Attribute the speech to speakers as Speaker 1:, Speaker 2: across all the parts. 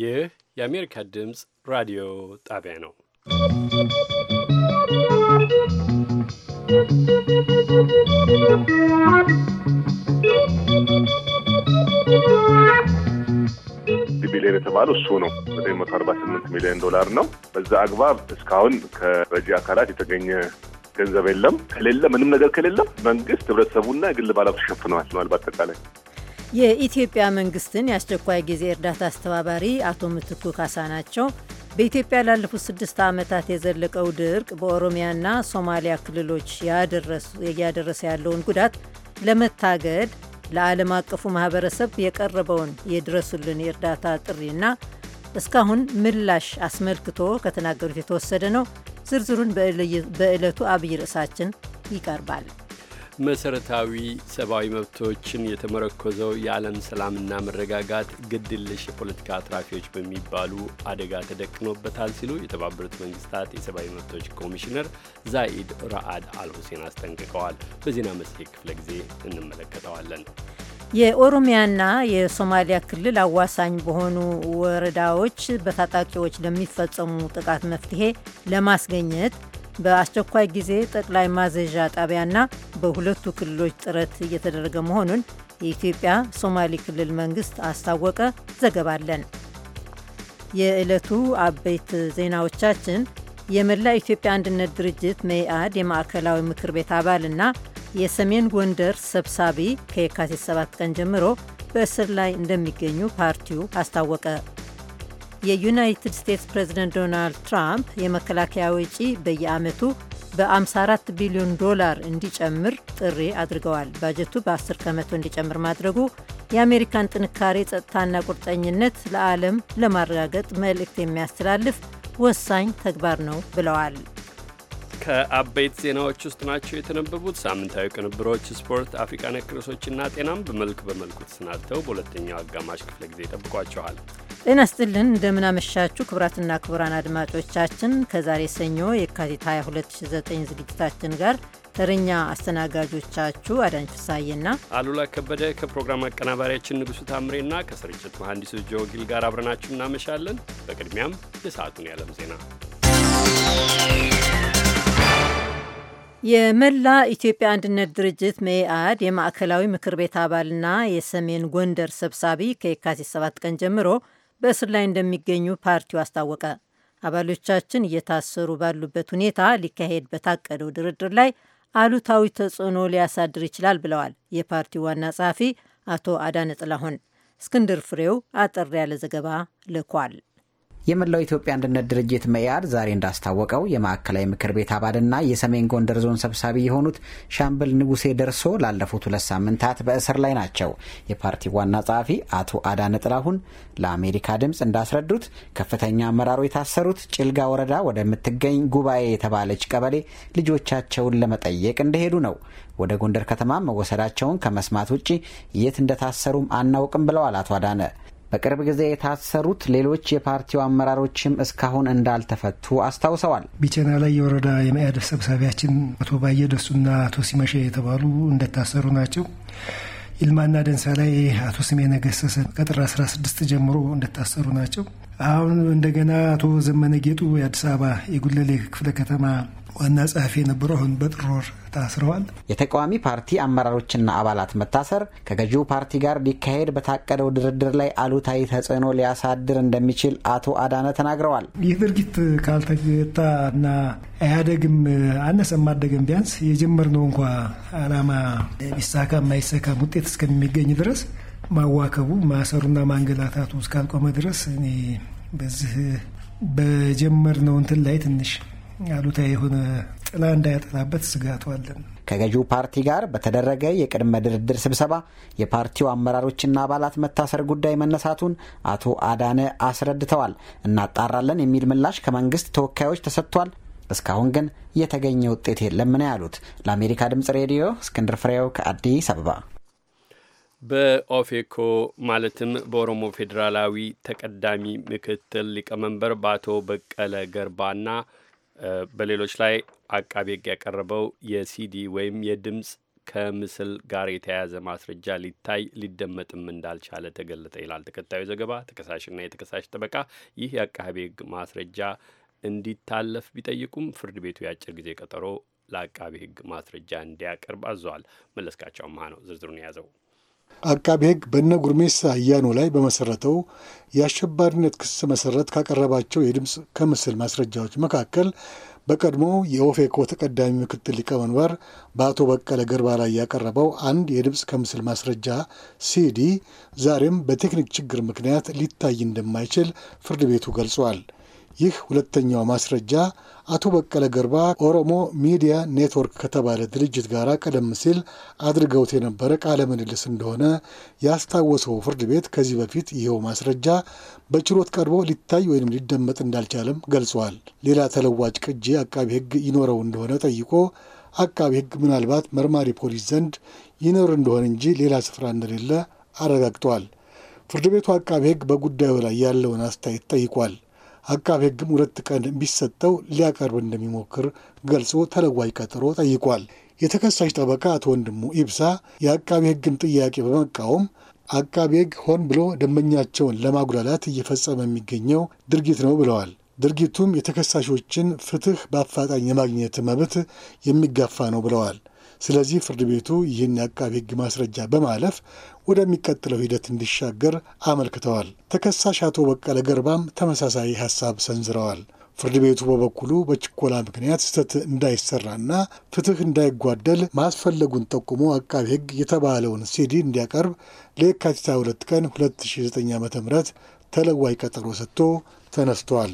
Speaker 1: ይህ የአሜሪካ ድምፅ ራዲዮ ጣቢያ ነው።
Speaker 2: ቢሊዮን የተባለው እሱ ነው። 948 ሚሊዮን ዶላር ነው። በዛ አግባብ እስካሁን ከረጂ አካላት የተገኘ ገንዘብ የለም። ከሌለ ምንም ነገር ከሌለም መንግስት፣ ህብረተሰቡና የግል ባለሀብቱ ተሸፍነዋል ነው አጠቃላይ
Speaker 3: የኢትዮጵያ መንግስትን የአስቸኳይ ጊዜ እርዳታ አስተባባሪ አቶ ምትኩ ካሳ ናቸው። በኢትዮጵያ ላለፉት ስድስት ዓመታት የዘለቀው ድርቅ በኦሮሚያና ሶማሊያ ክልሎች እያደረሰ ያለውን ጉዳት ለመታገድ ለዓለም አቀፉ ማህበረሰብ የቀረበውን የድረሱልን የእርዳታ ጥሪና እስካሁን ምላሽ አስመልክቶ ከተናገሩት የተወሰደ ነው። ዝርዝሩን በዕለቱ አብይ ርዕሳችን ይቀርባል።
Speaker 1: መሰረታዊ ሰብአዊ መብቶችን የተመረኮዘው የዓለም ሰላምና መረጋጋት ግድልሽ የፖለቲካ አትራፊዎች በሚባሉ አደጋ ተደቅኖበታል ሲሉ የተባበሩት መንግስታት የሰብአዊ መብቶች ኮሚሽነር ዛኢድ ራአድ አልሁሴን አስጠንቅቀዋል። በዜና መጽሔት ክፍለ ጊዜ እንመለከተዋለን።
Speaker 3: የኦሮሚያና የሶማሊያ ክልል አዋሳኝ በሆኑ ወረዳዎች በታጣቂዎች ለሚፈጸሙ ጥቃት መፍትሄ ለማስገኘት በአስቸኳይ ጊዜ ጠቅላይ ማዘዣ ጣቢያና በሁለቱ ክልሎች ጥረት እየተደረገ መሆኑን የኢትዮጵያ ሶማሌ ክልል መንግስት አስታወቀ። ዘገባለን። የዕለቱ አበይት ዜናዎቻችን የመላ ኢትዮጵያ አንድነት ድርጅት መኢአድ የማዕከላዊ ምክር ቤት አባልና የሰሜን ጎንደር ሰብሳቢ ከየካቲት 7 ቀን ጀምሮ በእስር ላይ እንደሚገኙ ፓርቲው አስታወቀ። የዩናይትድ ስቴትስ ፕሬዚደንት ዶናልድ ትራምፕ የመከላከያ ወጪ በየዓመቱ በ54 ቢሊዮን ዶላር እንዲጨምር ጥሪ አድርገዋል። ባጀቱ በ10 ከመቶ እንዲጨምር ማድረጉ የአሜሪካን ጥንካሬ፣ ጸጥታና ቁርጠኝነት ለዓለም ለማረጋገጥ መልእክት የሚያስተላልፍ ወሳኝ ተግባር ነው ብለዋል።
Speaker 1: ከአበይት ዜናዎች ውስጥ ናቸው የተነበቡት። ሳምንታዊ ቅንብሮች፣ ስፖርት፣ አፍሪቃ ነክ ርዕሶችና ጤናም በመልክ በመልኩ ተሰናድተው በሁለተኛው አጋማሽ ክፍለ ጊዜ ይጠብቋቸዋል።
Speaker 3: ጤና ስጥልን፣ እንደምናመሻችሁ ክቡራትና ክቡራን አድማጮቻችን ከዛሬ ሰኞ የካቲት 2209 ዝግጅታችን ጋር ተረኛ አስተናጋጆቻችሁ አዳኝ ፍሳዬና
Speaker 1: አሉላ ከበደ ከፕሮግራም አቀናባሪያችን ንጉሱ ታምሬና ከስርጭት መሐንዲሱ ጆጊል ጋር አብረናችሁ እናመሻለን። በቅድሚያም የሰዓቱን የዓለም ዜና
Speaker 3: የመላ ኢትዮጵያ አንድነት ድርጅት መኢአድ የማዕከላዊ ምክር ቤት አባልና የሰሜን ጎንደር ሰብሳቢ ከየካቲት 7 ቀን ጀምሮ በእስር ላይ እንደሚገኙ ፓርቲው አስታወቀ። አባሎቻችን እየታሰሩ ባሉበት ሁኔታ ሊካሄድ በታቀደው ድርድር ላይ አሉታዊ ተጽዕኖ ሊያሳድር ይችላል ብለዋል የፓርቲው ዋና ጸሐፊ አቶ አዳነ ጥላሁን። እስክንድር ፍሬው አጠር ያለ ዘገባ ልኳል።
Speaker 4: የመላው ኢትዮጵያ አንድነት ድርጅት መኢአድ ዛሬ እንዳስታወቀው የማዕከላዊ ምክር ቤት አባልና የሰሜን ጎንደር ዞን ሰብሳቢ የሆኑት ሻምበል ንጉሴ ደርሶ ላለፉት ሁለት ሳምንታት በእስር ላይ ናቸው። የፓርቲው ዋና ጸሐፊ አቶ አዳነ ጥላሁን ለአሜሪካ ድምፅ እንዳስረዱት ከፍተኛ አመራሩ የታሰሩት ጭልጋ ወረዳ ወደምትገኝ ጉባኤ የተባለች ቀበሌ ልጆቻቸውን ለመጠየቅ እንደሄዱ ነው። ወደ ጎንደር ከተማ መወሰዳቸውን ከመስማት ውጭ የት እንደታሰሩም አናውቅም ብለዋል አቶ አዳነ በቅርብ ጊዜ የታሰሩት ሌሎች የፓርቲው አመራሮችም እስካሁን እንዳልተፈቱ አስታውሰዋል።
Speaker 5: ቢቸና ላይ የወረዳ የመያድ ሰብሳቢያችን አቶ ባየ ደሱና አቶ ሲመሸ የተባሉ እንደታሰሩ ናቸው። ይልማና ደንሳ ላይ አቶ ስሜነ ገሰሰ ከጥር 16 ጀምሮ እንደታሰሩ ናቸው። አሁን እንደገና አቶ ዘመነ ጌጡ የአዲስ አበባ የጉለሌ ክፍለ ከተማ ዋና ጸሐፊ የነበረው አሁን በጥር ወር ታስረዋል።
Speaker 4: የተቃዋሚ ፓርቲ አመራሮችና አባላት መታሰር ከገዢው ፓርቲ ጋር ሊካሄድ በታቀደው ድርድር ላይ አሉታዊ ተጽዕኖ ሊያሳድር እንደሚችል አቶ አዳነ ተናግረዋል።
Speaker 6: ይህ ድርጊት እና አያደግም አነሰም አደገም ቢያንስ የጀመርነው እንኳ አላማ
Speaker 5: ቢሳካ የማይሳካም ውጤት እስከሚገኝ ድረስ ማዋከቡ ማሰሩና ማንገላታቱ እስካልቆመ ድረስ እኔ በዚህ በጀመርነው እንትን ላይ ትንሽ አሉታዊ የሆነ ጥላ እንዳያጠላበት ስጋቱ አለን።
Speaker 4: ከገዢው ፓርቲ ጋር በተደረገ የቅድመ ድርድር ስብሰባ የፓርቲው አመራሮችና አባላት መታሰር ጉዳይ መነሳቱን አቶ አዳነ አስረድተዋል። እናጣራለን የሚል ምላሽ ከመንግስት ተወካዮች ተሰጥቷል። እስካሁን ግን የተገኘ ውጤት የለም ነው ያሉት። ለአሜሪካ ድምጽ ሬዲዮ እስክንድር ፍሬው ከአዲስ አበባ።
Speaker 1: በኦፌኮ ማለትም በኦሮሞ ፌዴራላዊ ተቀዳሚ ምክትል ሊቀመንበር በአቶ በቀለ ገርባና በሌሎች ላይ አቃቤ ሕግ ያቀረበው የሲዲ ወይም የድምፅ ከምስል ጋር የተያያዘ ማስረጃ ሊታይ ሊደመጥም እንዳልቻለ ተገለጠ ይላል ተከታዩ ዘገባ። ተከሳሽና የተከሳሽ ጠበቃ ይህ የአቃቤ ሕግ ማስረጃ እንዲታለፍ ቢጠይቁም ፍርድ ቤቱ የአጭር ጊዜ ቀጠሮ ለአቃቤ ሕግ ማስረጃ እንዲያቀርብ አዟል። መለስካቸው አምሃ ነው ዝርዝሩን የያዘው።
Speaker 6: አቃቢ ሕግ በነ ጉርሜሳ አያኖ ላይ በመሰረተው የአሸባሪነት ክስ መሰረት ካቀረባቸው የድምፅ ከምስል ማስረጃዎች መካከል በቀድሞ የኦፌኮ ተቀዳሚ ምክትል ሊቀመንበር በአቶ በቀለ ገርባ ላይ ያቀረበው አንድ የድምፅ ከምስል ማስረጃ ሲዲ ዛሬም በቴክኒክ ችግር ምክንያት ሊታይ እንደማይችል ፍርድ ቤቱ ገልጿል። ይህ ሁለተኛው ማስረጃ አቶ በቀለ ገርባ ኦሮሞ ሚዲያ ኔትወርክ ከተባለ ድርጅት ጋር ቀደም ሲል አድርገውት የነበረ ቃለ ምልልስ እንደሆነ ያስታወሰው ፍርድ ቤት ከዚህ በፊት ይኸው ማስረጃ በችሎት ቀርቦ ሊታይ ወይም ሊደመጥ እንዳልቻለም ገልጿል። ሌላ ተለዋጭ ቅጂ አቃቢ ሕግ ይኖረው እንደሆነ ጠይቆ አቃቢ ሕግ ምናልባት መርማሪ ፖሊስ ዘንድ ይኖር እንደሆነ እንጂ ሌላ ስፍራ እንደሌለ አረጋግጧል። ፍርድ ቤቱ አቃቢ ሕግ በጉዳዩ ላይ ያለውን አስተያየት ጠይቋል። አቃቤ ሕግም ሁለት ቀን ቢሰጠው ሊያቀርብ እንደሚሞክር ገልጾ ተለዋጭ ቀጠሮ ጠይቋል። የተከሳሽ ጠበቃ አቶ ወንድሙ ኢብሳ የአቃቤ ሕግን ጥያቄ በመቃወም አቃቤ ሕግ ሆን ብሎ ደንበኛቸውን ለማጉላላት እየፈጸመ የሚገኘው ድርጊት ነው ብለዋል። ድርጊቱም የተከሳሾችን ፍትህ በአፋጣኝ የማግኘት መብት የሚጋፋ ነው ብለዋል። ስለዚህ ፍርድ ቤቱ ይህን የአቃቢ ህግ ማስረጃ በማለፍ ወደሚቀጥለው ሂደት እንዲሻገር አመልክተዋል። ተከሳሽ አቶ በቀለ ገርባም ተመሳሳይ ሀሳብ ሰንዝረዋል። ፍርድ ቤቱ በበኩሉ በችኮላ ምክንያት ስህተት እንዳይሰራና ፍትህ እንዳይጓደል ማስፈለጉን ጠቁሞ አቃቢ ሕግ የተባለውን ሲዲ እንዲያቀርብ ለየካቲት 2 ቀን 2009 ዓ ም ተለዋይ ቀጠሮ ሰጥቶ ተነስቷል።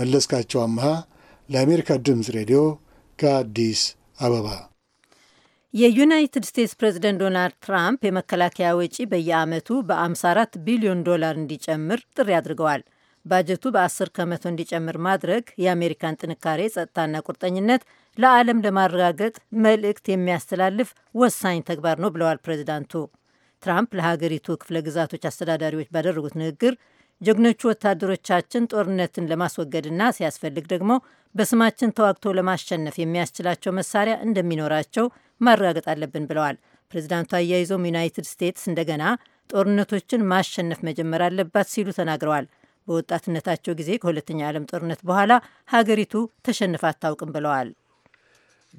Speaker 6: መለስካቸው አምሃ ለአሜሪካ ድምፅ ሬዲዮ ከአዲስ አበባ
Speaker 3: የዩናይትድ ስቴትስ ፕሬዚደንት ዶናልድ ትራምፕ የመከላከያ ወጪ በየዓመቱ በ54 ቢሊዮን ዶላር እንዲጨምር ጥሪ አድርገዋል። ባጀቱ በ10 ከመቶ እንዲጨምር ማድረግ የአሜሪካን ጥንካሬ፣ ጸጥታና ቁርጠኝነት ለዓለም ለማረጋገጥ መልእክት የሚያስተላልፍ ወሳኝ ተግባር ነው ብለዋል ፕሬዚዳንቱ። ትራምፕ ለሀገሪቱ ክፍለ ግዛቶች አስተዳዳሪዎች ባደረጉት ንግግር ጀግኖቹ ወታደሮቻችን ጦርነትን ለማስወገድና ሲያስፈልግ ደግሞ በስማችን ተዋግቶ ለማሸነፍ የሚያስችላቸው መሳሪያ እንደሚኖራቸው ማረጋገጥ አለብን ብለዋል። ፕሬዚዳንቱ አያይዞም ዩናይትድ ስቴትስ እንደገና ጦርነቶችን ማሸነፍ መጀመር አለባት ሲሉ ተናግረዋል። በወጣትነታቸው ጊዜ ከሁለተኛ ዓለም ጦርነት በኋላ ሀገሪቱ ተሸንፋ አታውቅም ብለዋል።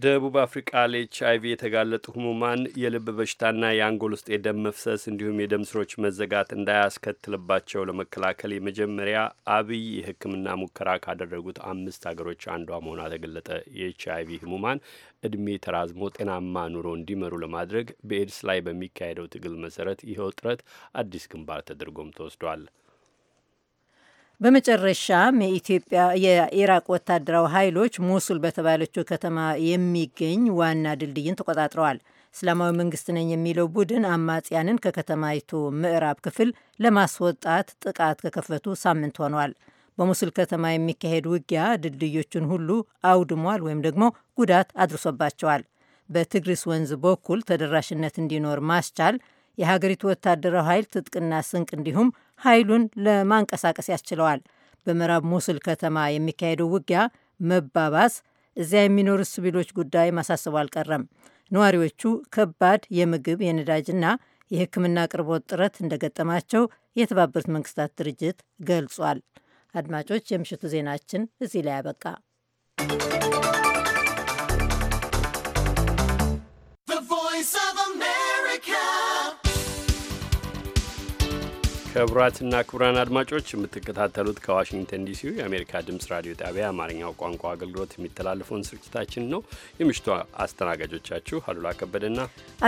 Speaker 1: ደቡብ አፍሪቃ ለኤች አይቪ የተጋለጡ ህሙማን የልብ በሽታና የአንጎል ውስጥ የደም መፍሰስ እንዲሁም የደም ስሮች መዘጋት እንዳያስከትልባቸው ለመከላከል የመጀመሪያ አብይ የሕክምና ሙከራ ካደረጉት አምስት ሀገሮች አንዷ መሆኗ ተገለጠ። የኤች አይቪ ህሙማን እድሜ ተራዝሞ ጤናማ ኑሮ እንዲመሩ ለማድረግ በኤድስ ላይ በሚካሄደው ትግል መሰረት ይኸው ጥረት አዲስ ግንባር ተደርጎም ተወስዷል።
Speaker 3: በመጨረሻም የኢትዮጵያ የኢራቅ ወታደራዊ ኃይሎች ሞሱል በተባለችው ከተማ የሚገኝ ዋና ድልድይን ተቆጣጥረዋል። እስላማዊ መንግስት ነኝ የሚለው ቡድን አማጽያንን ከከተማይቱ ምዕራብ ክፍል ለማስወጣት ጥቃት ከከፈቱ ሳምንት ሆኗል። በሙስል ከተማ የሚካሄድ ውጊያ ድልድዮቹን ሁሉ አውድሟል ወይም ደግሞ ጉዳት አድርሶባቸዋል። በትግሪስ ወንዝ በኩል ተደራሽነት እንዲኖር ማስቻል የሀገሪቱ ወታደራዊ ኃይል ትጥቅና ስንቅ እንዲሁም ኃይሉን ለማንቀሳቀስ ያስችለዋል። በምዕራብ ሞሱል ከተማ የሚካሄደው ውጊያ መባባስ እዚያ የሚኖሩ ሲቪሎች ጉዳይ ማሳሰቡ አልቀረም። ነዋሪዎቹ ከባድ የምግብ የነዳጅና የሕክምና አቅርቦት ጥረት እንደገጠማቸው የተባበሩት መንግስታት ድርጅት ገልጿል። አድማጮች፣ የምሽቱ ዜናችን እዚህ ላይ ያበቃ።
Speaker 1: ክቡራትና ክቡራን አድማጮች የምትከታተሉት ከዋሽንግተን ዲሲ የአሜሪካ ድምፅ ራዲዮ ጣቢያ አማርኛው ቋንቋ አገልግሎት የሚተላለፈውን ስርጭታችን ነው። የምሽቱ አስተናጋጆቻችሁ አሉላ ከበደና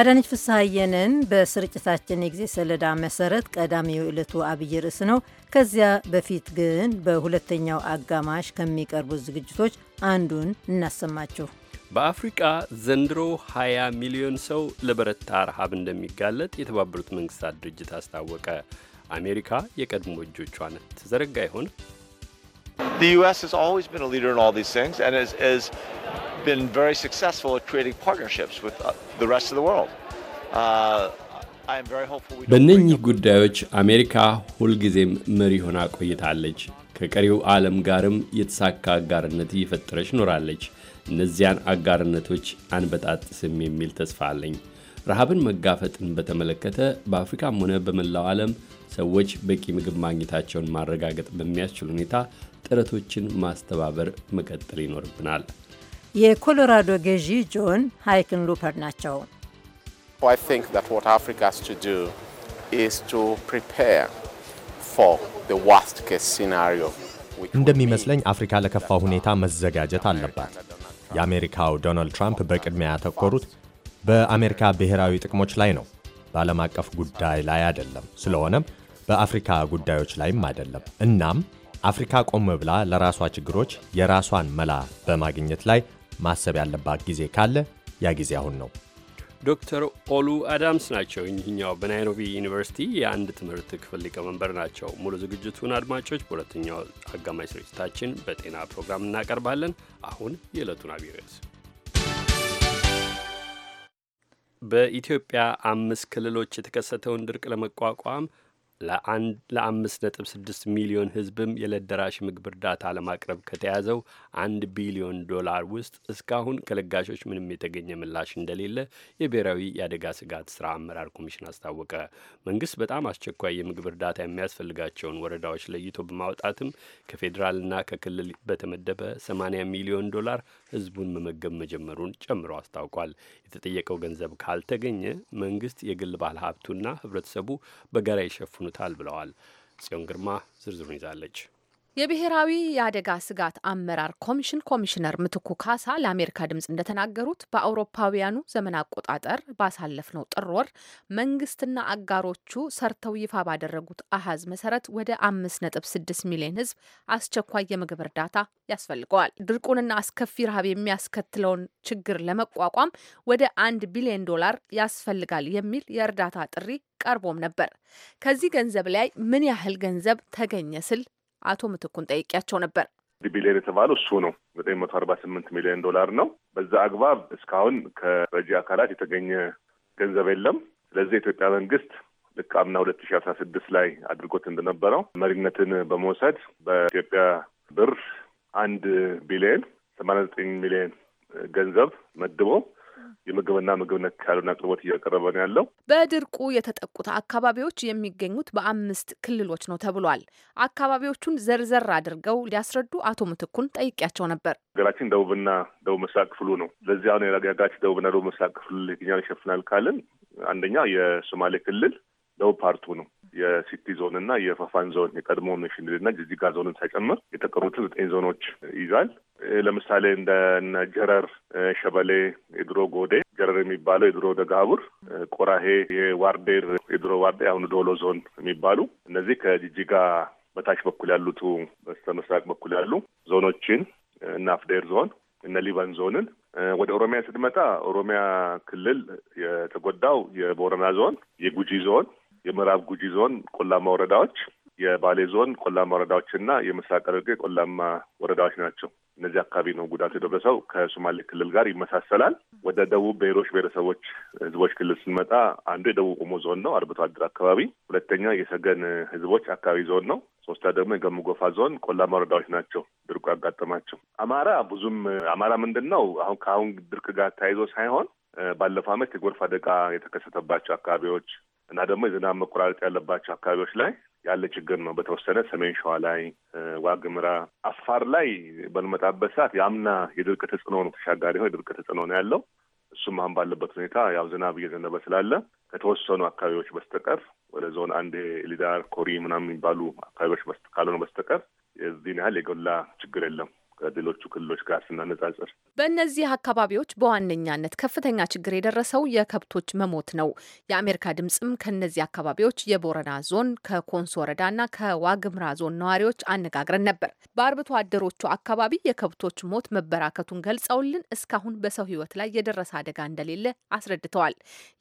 Speaker 3: አዳነች ፍስሐየንን። በስርጭታችን የጊዜ ሰሌዳ መሰረት ቀዳሚው ዕለቱ አብይ ርዕስ ነው። ከዚያ በፊት ግን በሁለተኛው አጋማሽ ከሚቀርቡት ዝግጅቶች አንዱን እናሰማችሁ።
Speaker 1: በአፍሪቃ ዘንድሮ 20 ሚሊዮን ሰው ለበረታ ረሃብ እንደሚጋለጥ የተባበሩት መንግስታት ድርጅት አስታወቀ። አሜሪካ የቀድሞ እጆቿን ትዘረጋ ይሆን? በእነኚህ ጉዳዮች አሜሪካ ሁልጊዜም መሪ ሆና ቆይታለች። ከቀሪው ዓለም ጋርም የተሳካ አጋርነት እየፈጠረች ኖራለች። እነዚያን አጋርነቶች አንበጣጥስም የሚል ተስፋ አለኝ። ረሃብን መጋፈጥን በተመለከተ በአፍሪካም ሆነ በመላው ዓለም ሰዎች በቂ ምግብ ማግኘታቸውን ማረጋገጥ በሚያስችል ሁኔታ ጥረቶችን ማስተባበር መቀጠል ይኖርብናል።
Speaker 3: የኮሎራዶ ገዢ ጆን ሃይክን ሉፐር ናቸው።
Speaker 6: እንደሚመስለኝ አፍሪካ ለከፋ ሁኔታ መዘጋጀት አለባት። የአሜሪካው ዶናልድ ትራምፕ በቅድሚያ ያተኮሩት በአሜሪካ ብሔራዊ ጥቅሞች ላይ ነው፣ በዓለም አቀፍ ጉዳይ ላይ አይደለም። ስለሆነም በአፍሪካ ጉዳዮች ላይም አይደለም። እናም አፍሪካ ቆም ብላ ለራሷ ችግሮች የራሷን መላ በማግኘት ላይ ማሰብ ያለባት ጊዜ ካለ ያ ጊዜ አሁን ነው።
Speaker 1: ዶክተር ኦሉ አዳምስ ናቸው። እኚህኛው በናይሮቢ ዩኒቨርሲቲ የአንድ ትምህርት ክፍል ሊቀመንበር ናቸው። ሙሉ ዝግጅቱን አድማጮች በሁለተኛው አጋማሽ ስርጭታችን በጤና ፕሮግራም እናቀርባለን። አሁን የዕለቱን አብይ ርዕስ በኢትዮጵያ አምስት ክልሎች የተከሰተውን ድርቅ ለመቋቋም ለአምስት ነጥብ ስድስት ሚሊዮን ህዝብም የዕለት ደራሽ ምግብ እርዳታ ለማቅረብ ከተያዘው አንድ ቢሊዮን ዶላር ውስጥ እስካሁን ከለጋሾች ምንም የተገኘ ምላሽ እንደሌለ የብሔራዊ የአደጋ ስጋት ስራ አመራር ኮሚሽን አስታወቀ። መንግስት በጣም አስቸኳይ የምግብ እርዳታ የሚያስፈልጋቸውን ወረዳዎች ለይቶ በማውጣትም ከፌዴራልና ከክልል በተመደበ 80 ሚሊዮን ዶላር ህዝቡን መመገብ መጀመሩን ጨምሮ አስታውቋል። የተጠየቀው ገንዘብ ካልተገኘ መንግስት የግል ባለ ሀብቱና ህብረተሰቡ በጋራ ይሸፍኑታል ብለዋል። ጽዮን ግርማ ዝርዝሩን ይዛለች።
Speaker 7: የብሔራዊ የአደጋ ስጋት አመራር ኮሚሽን ኮሚሽነር ምትኩ ካሳ ለአሜሪካ ድምፅ እንደተናገሩት በአውሮፓውያኑ ዘመን አቆጣጠር ባሳለፍነው ጥር ወር መንግስትና አጋሮቹ ሰርተው ይፋ ባደረጉት አሀዝ መሰረት ወደ አምስት ነጥብ ስድስት ሚሊዮን ህዝብ አስቸኳይ የምግብ እርዳታ ያስፈልገዋል። ድርቁንና አስከፊ ረሃብ የሚያስከትለውን ችግር ለመቋቋም ወደ አንድ ቢሊዮን ዶላር ያስፈልጋል የሚል የእርዳታ ጥሪ ቀርቦም ነበር። ከዚህ ገንዘብ ላይ ምን ያህል ገንዘብ ተገኘ ስል አቶ ምትኩን ጠይቄያቸው ነበር።
Speaker 2: ቢሊየን የተባለው እሱ ነው። ዘጠኝ መቶ አርባ ስምንት ሚሊዮን ዶላር ነው። በዛ አግባብ እስካሁን ከረጂ አካላት የተገኘ ገንዘብ የለም። ስለዚህ የኢትዮጵያ መንግስት ልክ አምና ሁለት ሺ አስራ ስድስት ላይ አድርጎት እንደነበረው መሪነትን በመውሰድ በኢትዮጵያ ብር አንድ ቢሊየን ሰማንያ ዘጠኝ ሚሊዮን ገንዘብ መድቦ የምግብና ምግብ ነክ ያለውን አቅርቦት እያቀረበ ነው ያለው።
Speaker 7: በድርቁ የተጠቁት አካባቢዎች የሚገኙት በአምስት ክልሎች ነው ተብሏል። አካባቢዎቹን ዘርዘር አድርገው ሊያስረዱ አቶ ምትኩን ጠይቄያቸው ነበር።
Speaker 2: ሀገራችን ደቡብና ደቡብ ምስራቅ ክፍሉ ነው። ለዚህ አሁን የሀገራችን ደቡብና ደቡብ ምስራቅ ክፍል የትኛውን ይሸፍናል ካልን አንደኛ የሶማሌ ክልል ደቡብ ፓርቱ ነው የሲቲ ዞን እና የፋፋን ዞን የቀድሞውን ሽንሌ እና ጅጅጋ ዞንን ሳይጨምር የተቀሩትን ዘጠኝ ዞኖች ይዛል። ለምሳሌ እንደ ጀረር፣ ሸበሌ፣ የድሮ ጎዴ ጀረር የሚባለው የድሮ ደጋቡር፣ ቆራሄ፣ የዋርዴር የድሮ ዋርዴ አሁን ዶሎ ዞን የሚባሉ እነዚህ ከጅጅጋ በታች በኩል ያሉቱ በስተ ምስራቅ በኩል ያሉ ዞኖችን እነ አፍዴር ዞን እነ ሊበን ዞንን ወደ ኦሮሚያ ስትመጣ ኦሮሚያ ክልል የተጎዳው የቦረና ዞን፣ የጉጂ ዞን፣ የምዕራብ ጉጂ ዞን ቆላማ ወረዳዎች የባሌ ዞን ቆላማ ወረዳዎችና የምስራቅ ሐረርጌ ቆላማ ወረዳዎች ናቸው። እነዚህ አካባቢ ነው ጉዳት የደረሰው። ከሶማሌ ክልል ጋር ይመሳሰላል። ወደ ደቡብ ብሔሮች ብሔረሰቦች ህዝቦች ክልል ስንመጣ አንዱ የደቡብ ኦሞ ዞን ነው፣ አርብቶ አደር አካባቢ። ሁለተኛ የሰገን ህዝቦች አካባቢ ዞን ነው። ሶስታ ደግሞ የገሙ ጎፋ ዞን ቆላማ ወረዳዎች ናቸው ድርቁ ያጋጠማቸው። አማራ ብዙም አማራ ምንድን ነው አሁን ከአሁን ድርቅ ጋር ተያይዞ ሳይሆን ባለፈው ዓመት የጎርፍ አደጋ የተከሰተባቸው አካባቢዎች እና ደግሞ የዝናብ መቆራረጥ ያለባቸው አካባቢዎች ላይ ያለ ችግር ነው። በተወሰነ ሰሜን ሸዋ ላይ፣ ዋግምራ፣ አፋር ላይ በልመጣበት ሰዓት የአምና የድርቅ ተጽዕኖ ነው ተሻጋሪ ሆ የድርቅ ተጽዕኖ ነው ያለው። እሱም አሁን ባለበት ሁኔታ ያው ዝናብ እየዘነበ ስላለ ከተወሰኑ አካባቢዎች በስተቀር ወደ ዞን አንድ ሊዳር ኮሪ ምናምን የሚባሉ አካባቢዎች ካልሆነ በስተቀር የዚህን ያህል የጎላ ችግር የለም። ከሌሎቹ ክልሎች ጋር ስናነጻጽር
Speaker 7: በእነዚህ አካባቢዎች በዋነኛነት ከፍተኛ ችግር የደረሰው የከብቶች መሞት ነው። የአሜሪካ ድምፅም ከእነዚህ አካባቢዎች የቦረና ዞን ከኮንሶ ወረዳና ከዋግምራ ዞን ነዋሪዎች አነጋግረን ነበር። በአርብቶ አደሮቹ አካባቢ የከብቶች ሞት መበራከቱን ገልጸውልን እስካሁን በሰው ሕይወት ላይ የደረሰ አደጋ እንደሌለ አስረድተዋል።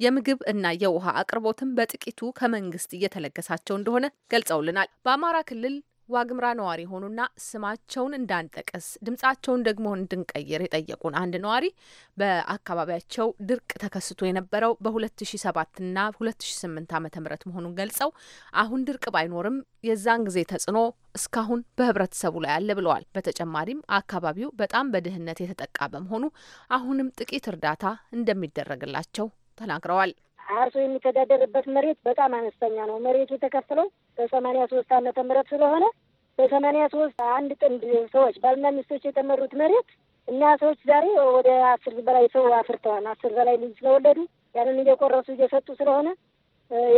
Speaker 7: የምግብ እና የውሃ አቅርቦትም በጥቂቱ ከመንግስት እየተለገሳቸው እንደሆነ ገልጸውልናል። በአማራ ክልል ዋግምራ ነዋሪ የሆኑና ስማቸውን እንዳንጠቀስ ድምጻቸውን ደግሞ እንድንቀይር የጠየቁን አንድ ነዋሪ በአካባቢያቸው ድርቅ ተከስቶ የነበረው በ2007ና 2008 ዓ ም መሆኑን ገልጸው አሁን ድርቅ ባይኖርም የዛን ጊዜ ተጽዕኖ እስካሁን በህብረተሰቡ ላይ አለ ብለዋል። በተጨማሪም አካባቢው በጣም በድህነት የተጠቃ በመሆኑ አሁንም ጥቂት እርዳታ እንደሚደረግላቸው ተናግረዋል። አርሶ
Speaker 8: የሚተዳደርበት መሬት በጣም አነስተኛ ነው። መሬቱ የተከፈለው በሰማኒያ ሶስት ዓመተ ምህረት ስለሆነ በሰማኒያ ሶስት አንድ ጥንድ ሰዎች ባልና ሚስቶች የተመሩት መሬት እና ሰዎች ዛሬ ወደ አስር በላይ ሰው አፍርተዋል። አስር በላይ ልጅ ስለወለዱ ያንን እየቆረሱ እየሰጡ ስለሆነ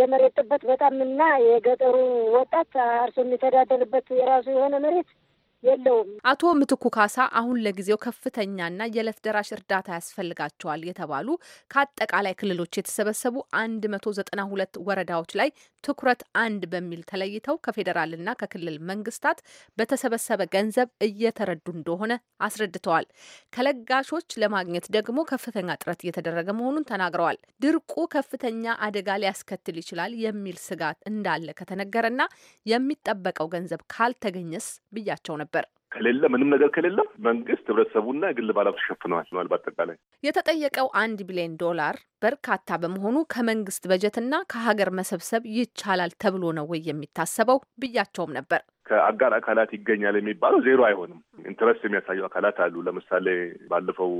Speaker 8: የመሬት ጥበት በጣም እና የገጠሩ ወጣት አርሶ የሚተዳደርበት የራሱ የሆነ መሬት የለውም።
Speaker 7: አቶ ምትኩ ካሳ አሁን ለጊዜው ከፍተኛና የዕለት ደራሽ እርዳታ ያስፈልጋቸዋል የተባሉ ከአጠቃላይ ክልሎች የተሰበሰቡ አንድ መቶ ዘጠና ሁለት ወረዳዎች ላይ ትኩረት አንድ በሚል ተለይተው ከፌዴራልና ከክልል መንግስታት በተሰበሰበ ገንዘብ እየተረዱ እንደሆነ አስረድተዋል። ከለጋሾች ለማግኘት ደግሞ ከፍተኛ ጥረት እየተደረገ መሆኑን ተናግረዋል። ድርቁ ከፍተኛ አደጋ ሊያስከትል ይችላል የሚል ስጋት እንዳለ ከተነገረና የሚጠበቀው ገንዘብ ካልተገኘስ ብያቸው ነበር። ነበር።
Speaker 2: ከሌለ ምንም ነገር ከሌለም መንግስት ህብረተሰቡና የግል ባለሀብቱ ሸፍነዋል ነዋል። በአጠቃላይ
Speaker 7: የተጠየቀው አንድ ቢሊዮን ዶላር በርካታ በመሆኑ ከመንግስት በጀትና ከሀገር መሰብሰብ ይቻላል ተብሎ ነው ወይ የሚታሰበው ብያቸውም ነበር።
Speaker 2: ከአጋር አካላት ይገኛል የሚባለው ዜሮ አይሆንም። ኢንትረስት የሚያሳዩ አካላት አሉ። ለምሳሌ ባለፈው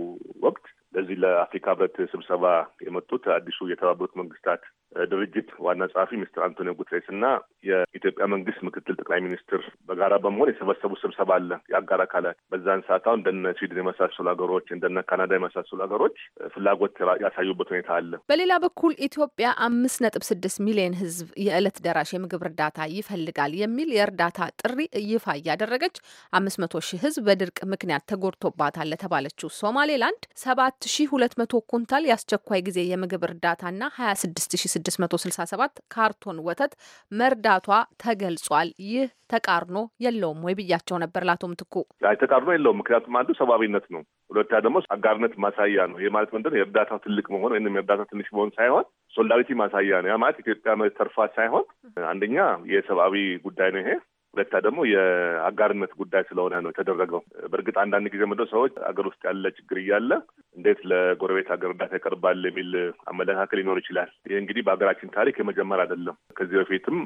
Speaker 2: ወቅት ለዚህ ለአፍሪካ ህብረት ስብሰባ የመጡት አዲሱ የተባበሩት መንግስታት ድርጅት ዋና ጸሐፊ ሚስትር አንቶኒዮ ጉትሬስ እና የኢትዮጵያ መንግስት ምክትል ጠቅላይ ሚኒስትር በጋራ በመሆን የሰበሰቡ ስብሰባ አለ የአጋር አካላት በዛን ሰዓት አሁን እንደነ ስዊድን የመሳሰሉ ሀገሮች እንደነ ካናዳ የመሳሰሉ ሀገሮች ፍላጎት ያሳዩበት ሁኔታ አለ።
Speaker 7: በሌላ በኩል ኢትዮጵያ አምስት ነጥብ ስድስት ሚሊዮን ህዝብ የዕለት ደራሽ የምግብ እርዳታ ይፈልጋል የሚል የእርዳታ ጥሪ ይፋ እያደረገች አምስት መቶ ሺህ ህዝብ በድርቅ ምክንያት ተጎድቶባታል ለተባለችው ሶማሌላንድ ሰባት ሺህ ሁለት መቶ ኩንታል የአስቸኳይ ጊዜ የምግብ እርዳታና ሀያ ስድስት ሺህ 667 ካርቶን ወተት መርዳቷ ተገልጿል። ይህ ተቃርኖ የለውም ወይ ብያቸው ነበር ለአቶ ምትኩ።
Speaker 2: አይ ተቃርኖ የለውም። ምክንያቱም አንዱ ሰብአዊነት ነው፣ ሁለታ ደግሞ አጋርነት ማሳያ ነው። ይህ ማለት ምንድን ነው? የእርዳታው ትልቅ መሆን ወይም የእርዳታ ትንሽ መሆን ሳይሆን ሶልዳሪቲ ማሳያ ነው። ያ ማለት ኢትዮጵያ ተርፋ ሳይሆን አንደኛ የሰብአዊ ጉዳይ ነው ይሄ ሁለታ ደግሞ የአጋርነት ጉዳይ ስለሆነ ነው የተደረገው። በእርግጥ አንዳንድ ጊዜ ምንድን ሰዎች አገር ውስጥ ያለ ችግር እያለ እንዴት ለጎረቤት ሀገር እርዳታ ይቀርባል የሚል አመለካከል ሊኖር ይችላል። ይህ እንግዲህ በሀገራችን ታሪክ የመጀመር አይደለም። ከዚህ በፊትም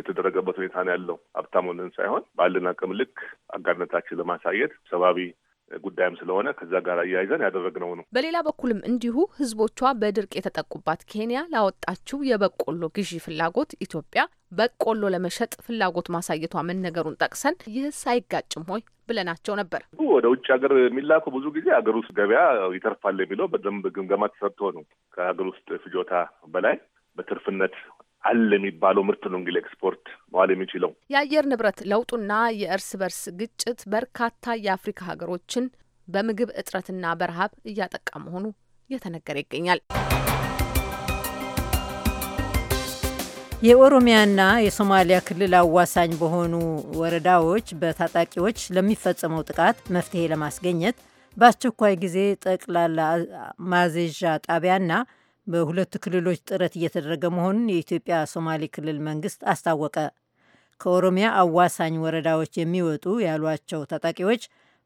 Speaker 2: የተደረገበት ሁኔታ ነው ያለው። ሀብታም ሳይሆን ባለን አቅም ልክ አጋርነታችን ለማሳየት ሰብአዊ ጉዳይም ስለሆነ ከዛ ጋር እያይዘን ያደረግነው ነው።
Speaker 7: በሌላ በኩልም እንዲሁ ህዝቦቿ በድርቅ የተጠቁባት ኬንያ ላወጣችው የበቆሎ ግዢ ፍላጎት ኢትዮጵያ በቆሎ ለመሸጥ ፍላጎት ማሳየቷ መነገሩን ጠቅሰን ይህስ አይጋጭም ሆይ ብለናቸው ነበር።
Speaker 2: ወደ ውጭ ሀገር የሚላከው ብዙ ጊዜ ሀገር ውስጥ ገበያ ይተርፋል የሚለው በደንብ ግምገማ ተሰርቶ ነው ከሀገር ውስጥ ፍጆታ በላይ በትርፍነት አለ የሚባለው ምርት ነው እንግዲህ ኤክስፖርት መዋል የሚችለው።
Speaker 7: የአየር ንብረት ለውጡና የእርስ በርስ ግጭት በርካታ የአፍሪካ ሀገሮችን በምግብ እጥረትና በረሃብ እያጠቃ መሆኑ እየተነገረ ይገኛል።
Speaker 3: የኦሮሚያና የሶማሊያ ክልል አዋሳኝ በሆኑ ወረዳዎች በታጣቂዎች ለሚፈጸመው ጥቃት መፍትሄ ለማስገኘት በአስቸኳይ ጊዜ ጠቅላላ ማዘዣ ጣቢያና በሁለቱ ክልሎች ጥረት እየተደረገ መሆኑን የኢትዮጵያ ሶማሌ ክልል መንግስት አስታወቀ። ከኦሮሚያ አዋሳኝ ወረዳዎች የሚወጡ ያሏቸው ታጣቂዎች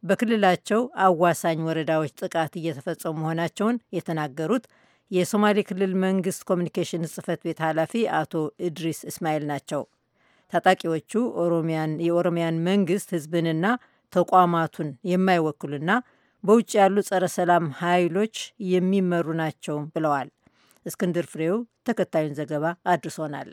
Speaker 3: በክልላቸው አዋሳኝ ወረዳዎች ጥቃት እየተፈጸሙ መሆናቸውን የተናገሩት የሶማሌ ክልል መንግስት ኮሚኒኬሽን ጽህፈት ቤት ኃላፊ አቶ ኢድሪስ እስማኤል ናቸው። ታጣቂዎቹ የኦሮሚያን መንግስት ህዝብንና ተቋማቱን የማይወክሉና በውጭ ያሉ ጸረ ሰላም ኃይሎች የሚመሩ ናቸው ብለዋል። እስክንድር ፍሬው ተከታዩን ዘገባ አድርሶናል።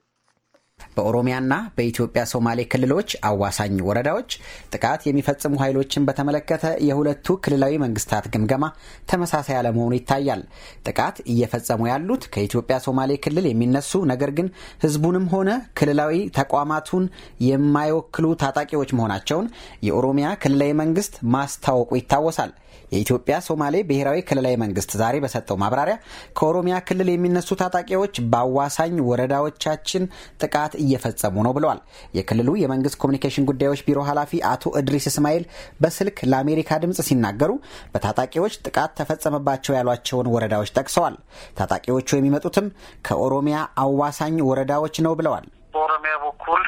Speaker 4: በኦሮሚያና በኢትዮጵያ ሶማሌ ክልሎች አዋሳኝ ወረዳዎች ጥቃት የሚፈጽሙ ኃይሎችን በተመለከተ የሁለቱ ክልላዊ መንግስታት ግምገማ ተመሳሳይ አለመሆኑ ይታያል። ጥቃት እየፈጸሙ ያሉት ከኢትዮጵያ ሶማሌ ክልል የሚነሱ ነገር ግን ሕዝቡንም ሆነ ክልላዊ ተቋማቱን የማይወክሉ ታጣቂዎች መሆናቸውን የኦሮሚያ ክልላዊ መንግስት ማስታወቁ ይታወሳል። የኢትዮጵያ ሶማሌ ብሔራዊ ክልላዊ መንግስት ዛሬ በሰጠው ማብራሪያ ከኦሮሚያ ክልል የሚነሱ ታጣቂዎች በአዋሳኝ ወረዳዎቻችን ጥቃት እየፈጸሙ ነው ብለዋል። የክልሉ የመንግስት ኮሚኒኬሽን ጉዳዮች ቢሮ ኃላፊ አቶ እድሪስ እስማኤል በስልክ ለአሜሪካ ድምፅ ሲናገሩ በታጣቂዎች ጥቃት ተፈጸመባቸው ያሏቸውን ወረዳዎች ጠቅሰዋል። ታጣቂዎቹ የሚመጡትም ከኦሮሚያ አዋሳኝ ወረዳዎች ነው ብለዋል። በኦሮሚያ
Speaker 9: በኩል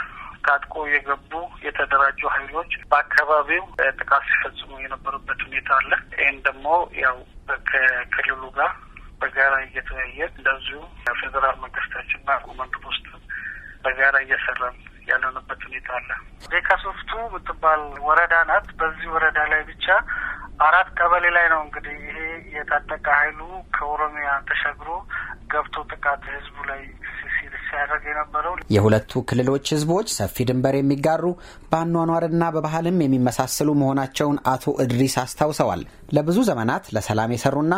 Speaker 9: ታጥቆ የገቡ የተደራጁ ኃይሎች በአካባቢው ጥቃት ሲፈጽሙ የነበሩበት ሁኔታ አለ። ይህም ደግሞ ያው ከክልሉ ጋር በጋራ እየተወያየ እንደዚሁ ፌዴራል መንግስታችን ኮማንድ ፖስት በጋራ እየሰራን ያለንበት ሁኔታ አለ። ቤካሶፍቱ የምትባል ወረዳ ናት። በዚህ ወረዳ ላይ ብቻ አራት ቀበሌ ላይ ነው እንግዲህ ይሄ የታጠቀ ኃይሉ ከኦሮሚያ ተሻግሮ ገብቶ ጥቃት ህዝቡ ላይ
Speaker 4: ሲያደርግ የነበረው። የሁለቱ ክልሎች ህዝቦች ሰፊ ድንበር የሚጋሩ በአኗኗርና በባህልም የሚመሳሰሉ መሆናቸውን አቶ እድሪስ አስታውሰዋል። ለብዙ ዘመናት ለሰላም የሰሩና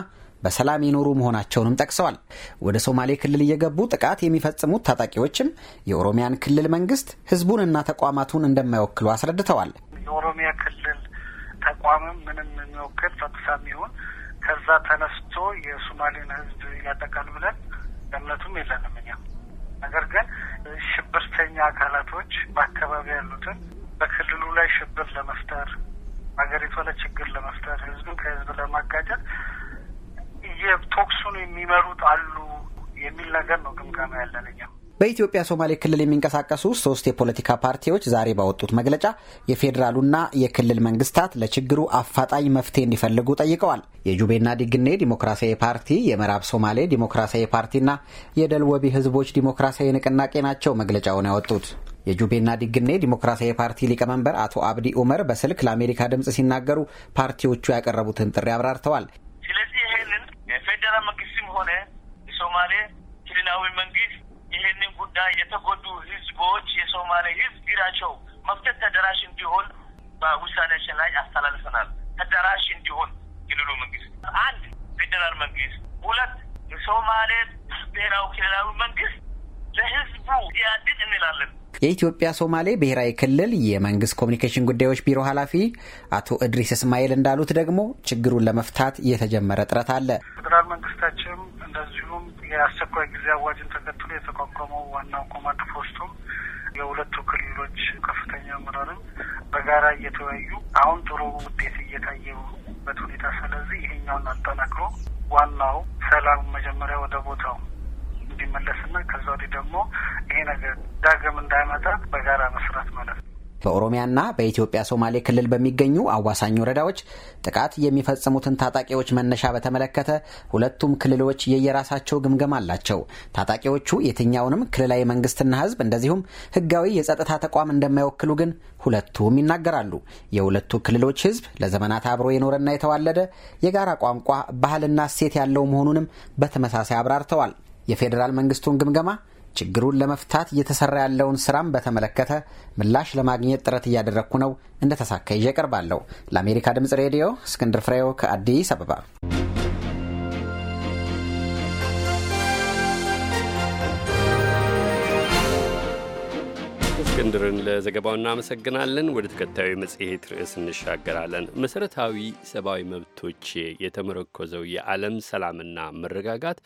Speaker 4: በሰላም የኖሩ መሆናቸውንም ጠቅሰዋል። ወደ ሶማሌ ክልል እየገቡ ጥቃት የሚፈጽሙት ታጣቂዎችም የኦሮሚያን ክልል መንግስት ህዝቡንና ተቋማቱን እንደማይወክሉ አስረድተዋል።
Speaker 9: የኦሮሚያ ክልል ተቋምም ምንም የሚወክል ጸጥታ የሚሆን ከዛ ተነስቶ የሶማሌን ህዝብ ያጠቃል ብለን እምነቱም የለንም እኛ ነገር ግን ሽብርተኛ አካላቶች በአካባቢ ያሉትን በክልሉ ላይ ሽብር ለመፍጠር ሀገሪቷ ላይ ችግር ለመፍጠር ህዝብን ከህዝብ ለማጋጨት የቶክሱን የሚመሩት አሉ የሚል ነገር ነው ግምገማ ያለን
Speaker 4: በኢትዮጵያ ሶማሌ ክልል የሚንቀሳቀሱ ሶስት የፖለቲካ ፓርቲዎች ዛሬ ባወጡት መግለጫ የፌዴራሉና የክልል መንግስታት ለችግሩ አፋጣኝ መፍትሄ እንዲፈልጉ ጠይቀዋል። የጁቤና ዲግኔ ዲሞክራሲያዊ ፓርቲ፣ የምዕራብ ሶማሌ ዲሞክራሲያዊ ፓርቲና የደልወቢ ህዝቦች ዲሞክራሲያዊ ንቅናቄ ናቸው መግለጫውን ያወጡት። የጁቤና ዲግኔ ዲሞክራሲያዊ ፓርቲ ሊቀመንበር አቶ አብዲ ኡመር በስልክ ለአሜሪካ ድምፅ ሲናገሩ ፓርቲዎቹ ያቀረቡትን ጥሪ አብራርተዋል።
Speaker 9: ስለዚህ ይህንን የፌዴራል መንግስትም ሆነ የሶማሌ ክልላዊ መንግስት ይህንን ጉዳይ የተጎዱ ህዝቦች የሶማሌ ህዝብ ግራቸው መፍትሄ ተደራሽ እንዲሆን በውሳኔያችን ላይ አስተላልፈናል። ተደራሽ እንዲሆን ክልሉ መንግስት አንድ ፌዴራል መንግስት፣ ሁለት የሶማሌ ብሔራዊ ክልላዊ መንግስት
Speaker 10: ለህዝቡ ያድን እንላለን።
Speaker 4: የኢትዮጵያ ሶማሌ ብሔራዊ ክልል የመንግስት ኮሚኒኬሽን ጉዳዮች ቢሮ ኃላፊ አቶ እድሪስ እስማኤል እንዳሉት ደግሞ ችግሩን ለመፍታት የተጀመረ ጥረት አለ። ፌዴራል መንግስታችንም እንደዚሁም የአስቸኳይ ጊዜ አዋጅን ተከትሎ የተቋቋመው
Speaker 9: ዋናው ኮማንድ ፖስቱ የሁለቱ ክልሎች ከፍተኛ አመራርም በጋራ እየተወያዩ አሁን ጥሩ ውጤት እየታየበት ሁኔታ ስለዚህ ይሄኛውን አጠናክሮ ዋናው ሰላም መጀመሪያ ወደ ቦታው እንዲመለስና ከዛ ወዲህ ደግሞ ይሄ ነገር ዳግም እንዳይመጣ በጋራ መስራት ማለት
Speaker 4: ነው። በኦሮሚያና በኢትዮጵያ ሶማሌ ክልል በሚገኙ አዋሳኝ ወረዳዎች ጥቃት የሚፈጽሙትን ታጣቂዎች መነሻ በተመለከተ ሁለቱም ክልሎች የየራሳቸው ግምገም አላቸው። ታጣቂዎቹ የትኛውንም ክልላዊ መንግስትና ሕዝብ እንደዚሁም ሕጋዊ የጸጥታ ተቋም እንደማይወክሉ ግን ሁለቱም ይናገራሉ። የሁለቱ ክልሎች ሕዝብ ለዘመናት አብሮ የኖረና የተዋለደ የጋራ ቋንቋ፣ ባህልና እሴት ያለው መሆኑንም በተመሳሳይ አብራርተዋል። የፌዴራል መንግስቱን ግምገማ ችግሩን ለመፍታት እየተሰራ ያለውን ስራም በተመለከተ ምላሽ ለማግኘት ጥረት እያደረግኩ ነው። እንደተሳካ ይዤ እቀርባለሁ። ለአሜሪካ ድምፅ ሬዲዮ እስክንድር ፍሬው ከአዲስ አበባ
Speaker 1: እስክንድርን ለዘገባው እናመሰግናለን። ወደ ተከታዩ መጽሔት ርዕስ እንሻገራለን። መሰረታዊ ሰብአዊ መብቶች የተመረኮዘው የዓለም ሰላምና መረጋጋት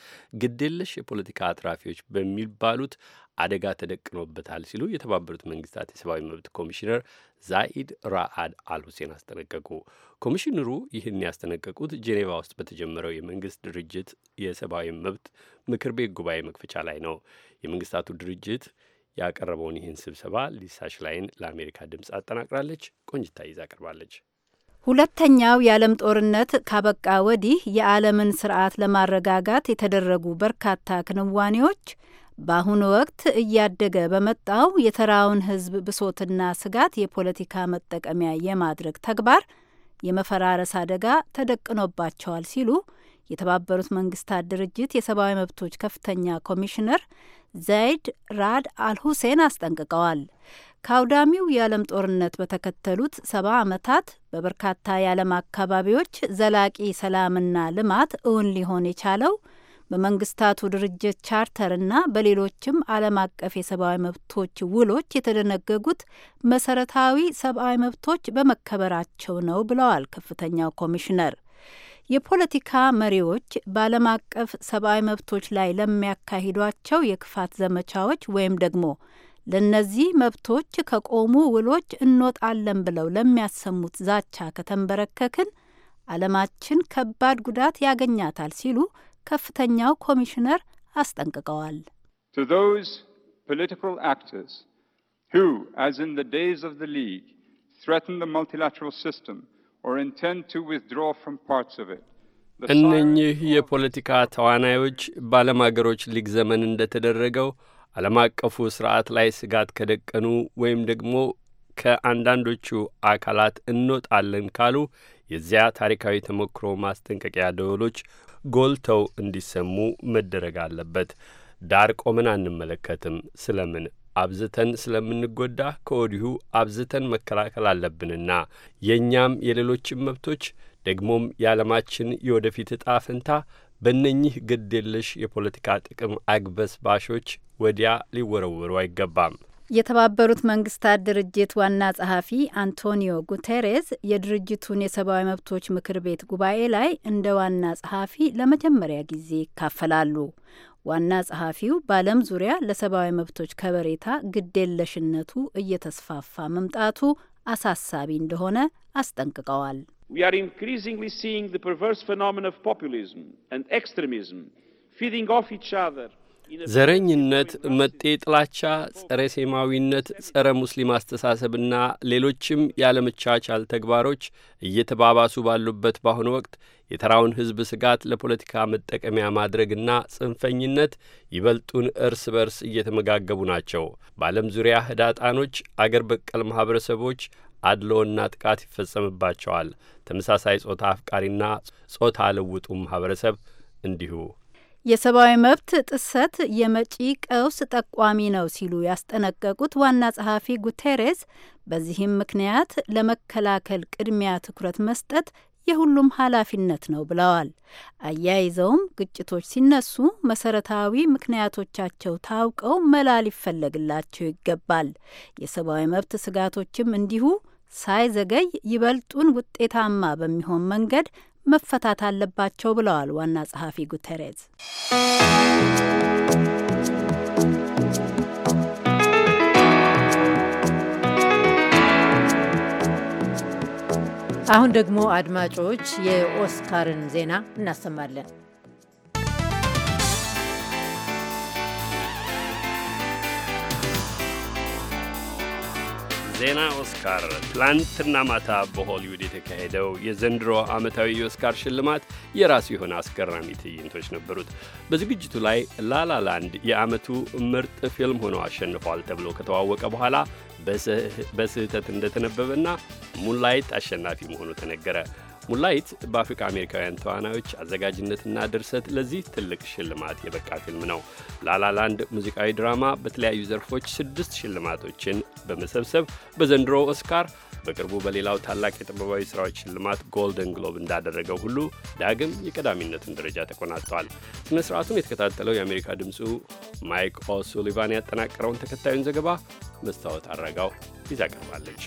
Speaker 1: ግድየለሽ የፖለቲካ አትራፊዎች በሚባሉት አደጋ ተደቅኖበታል ሲሉ የተባበሩት መንግስታት የሰብአዊ መብት ኮሚሽነር ዛኢድ ራአድ አልሁሴን አስጠነቀቁ። ኮሚሽነሩ ይህን ያስጠነቀቁት ጄኔቫ ውስጥ በተጀመረው የመንግስት ድርጅት የሰብአዊ መብት ምክር ቤት ጉባኤ መክፈቻ ላይ ነው። የመንግስታቱ ድርጅት ያቀረበውን ይህን ስብሰባ ሊሳ ላይን ለአሜሪካ ድምፅ አጠናቅራለች። ቆንጅታ ይዛ ቀርባለች።
Speaker 11: ሁለተኛው የዓለም ጦርነት ካበቃ ወዲህ የዓለምን ስርዓት ለማረጋጋት የተደረጉ በርካታ ክንዋኔዎች በአሁኑ ወቅት እያደገ በመጣው የተራውን ሕዝብ ብሶትና ስጋት የፖለቲካ መጠቀሚያ የማድረግ ተግባር የመፈራረስ አደጋ ተደቅኖባቸዋል ሲሉ የተባበሩት መንግስታት ድርጅት የሰብአዊ መብቶች ከፍተኛ ኮሚሽነር ዘይድ ራድ አልሁሴን አስጠንቅቀዋል። ከአውዳሚው የዓለም ጦርነት በተከተሉት ሰባ ዓመታት በበርካታ የዓለም አካባቢዎች ዘላቂ ሰላምና ልማት እውን ሊሆን የቻለው በመንግስታቱ ድርጅት ቻርተርና በሌሎችም ዓለም አቀፍ የሰብአዊ መብቶች ውሎች የተደነገጉት መሰረታዊ ሰብአዊ መብቶች በመከበራቸው ነው ብለዋል ከፍተኛው ኮሚሽነር። የፖለቲካ መሪዎች በዓለም አቀፍ ሰብአዊ መብቶች ላይ ለሚያካሂዷቸው የክፋት ዘመቻዎች ወይም ደግሞ ለእነዚህ መብቶች ከቆሙ ውሎች እንወጣለን ብለው ለሚያሰሙት ዛቻ ከተንበረከክን ዓለማችን ከባድ ጉዳት ያገኛታል ሲሉ ከፍተኛው ኮሚሽነር አስጠንቅቀዋል።
Speaker 1: ፖለቲካል እነኚህ የፖለቲካ ተዋናዮች በዓለም አገሮች ሊግ ዘመን እንደተደረገው ዓለም አቀፉ ስርዓት ላይ ስጋት ከደቀኑ ወይም ደግሞ ከአንዳንዶቹ አካላት እንወጣለን ካሉ የዚያ ታሪካዊ ተሞክሮ ማስጠንቀቂያ ደወሎች ጎልተው እንዲሰሙ መደረግ አለበት። ዳር ቆመን አንመለከትም ስለምን አብዝተን ስለምንጎዳ ከወዲሁ አብዝተን መከላከል አለብንና የእኛም የሌሎችም መብቶች ደግሞም የዓለማችን የወደፊት ዕጣ ፈንታ በእነኚህ ግድ የለሽ የፖለቲካ ጥቅም አግበስባሾች ወዲያ ሊወረወሩ አይገባም።
Speaker 11: የተባበሩት መንግስታት ድርጅት ዋና ጸሐፊ አንቶኒዮ ጉተሬዝ የድርጅቱን የሰብአዊ መብቶች ምክር ቤት ጉባኤ ላይ እንደ ዋና ጸሐፊ ለመጀመሪያ ጊዜ ይካፈላሉ። ዋና ጸሐፊው በዓለም ዙሪያ ለሰብአዊ መብቶች ከበሬታ ግዴለሽነቱ እየተስፋፋ መምጣቱ አሳሳቢ እንደሆነ አስጠንቅቀዋል።
Speaker 1: ዘረኝነት፣ መጤ ጥላቻ፣ ጸረ ሴማዊነት፣ ጸረ ሙስሊም አስተሳሰብና ሌሎችም ያለመቻቻል ተግባሮች እየተባባሱ ባሉበት በአሁኑ ወቅት የተራውን ሕዝብ ስጋት ለፖለቲካ መጠቀሚያ ማድረግና ጽንፈኝነት ይበልጡን እርስ በርስ እየተመጋገቡ ናቸው። በዓለም ዙሪያ ህዳጣኖች፣ አገር በቀል ማኅበረሰቦች አድሎና ጥቃት ይፈጸምባቸዋል። ተመሳሳይ ጾታ አፍቃሪና ጾታ ለውጡ ማኅበረሰብ እንዲሁ
Speaker 11: የሰብአዊ መብት ጥሰት የመጪ ቀውስ ጠቋሚ ነው ሲሉ ያስጠነቀቁት ዋና ጸሐፊ ጉቴሬስ በዚህም ምክንያት ለመከላከል ቅድሚያ ትኩረት መስጠት የሁሉም ኃላፊነት ነው ብለዋል። አያይዘውም ግጭቶች ሲነሱ መሰረታዊ ምክንያቶቻቸው ታውቀው መላ ሊፈለግላቸው ይገባል። የሰብአዊ መብት ስጋቶችም እንዲሁ ሳይዘገይ ይበልጡን ውጤታማ በሚሆን መንገድ መፈታት አለባቸው ብለዋል ዋና ጸሐፊ ጉተሬዝ።
Speaker 3: አሁን ደግሞ አድማጮች የኦስካርን ዜና እናሰማለን።
Speaker 1: ዜና ኦስካር ትላንትና ማታ በሆሊውድ የተካሄደው የዘንድሮ ዓመታዊ የኦስካር ሽልማት የራሱ የሆነ አስገራሚ ትዕይንቶች ነበሩት። በዝግጅቱ ላይ ላላላንድ የዓመቱ ምርጥ ፊልም ሆኖ አሸንፏል ተብሎ ከተዋወቀ በኋላ በስህተት እንደተነበበና ሙንላይት አሸናፊ መሆኑ ተነገረ። ሙላይት በአፍሪካ አሜሪካውያን ተዋናዮች አዘጋጅነትና ድርሰት ለዚህ ትልቅ ሽልማት የበቃ ፊልም ነው። ላላላንድ ሙዚቃዊ ድራማ በተለያዩ ዘርፎች ስድስት ሽልማቶችን በመሰብሰብ በዘንድሮ ኦስካር በቅርቡ በሌላው ታላቅ የጥበባዊ ሥራዎች ሽልማት ጎልደን ግሎብ እንዳደረገው ሁሉ ዳግም የቀዳሚነቱን ደረጃ ተቆናጥቷል። ስነ ሥርዓቱን የተከታተለው የአሜሪካ ድምፁ ማይክ ኦሱሊቫን ያጠናቀረውን ተከታዩን ዘገባ መስታወት አረጋው ይዛ ቀርባለች።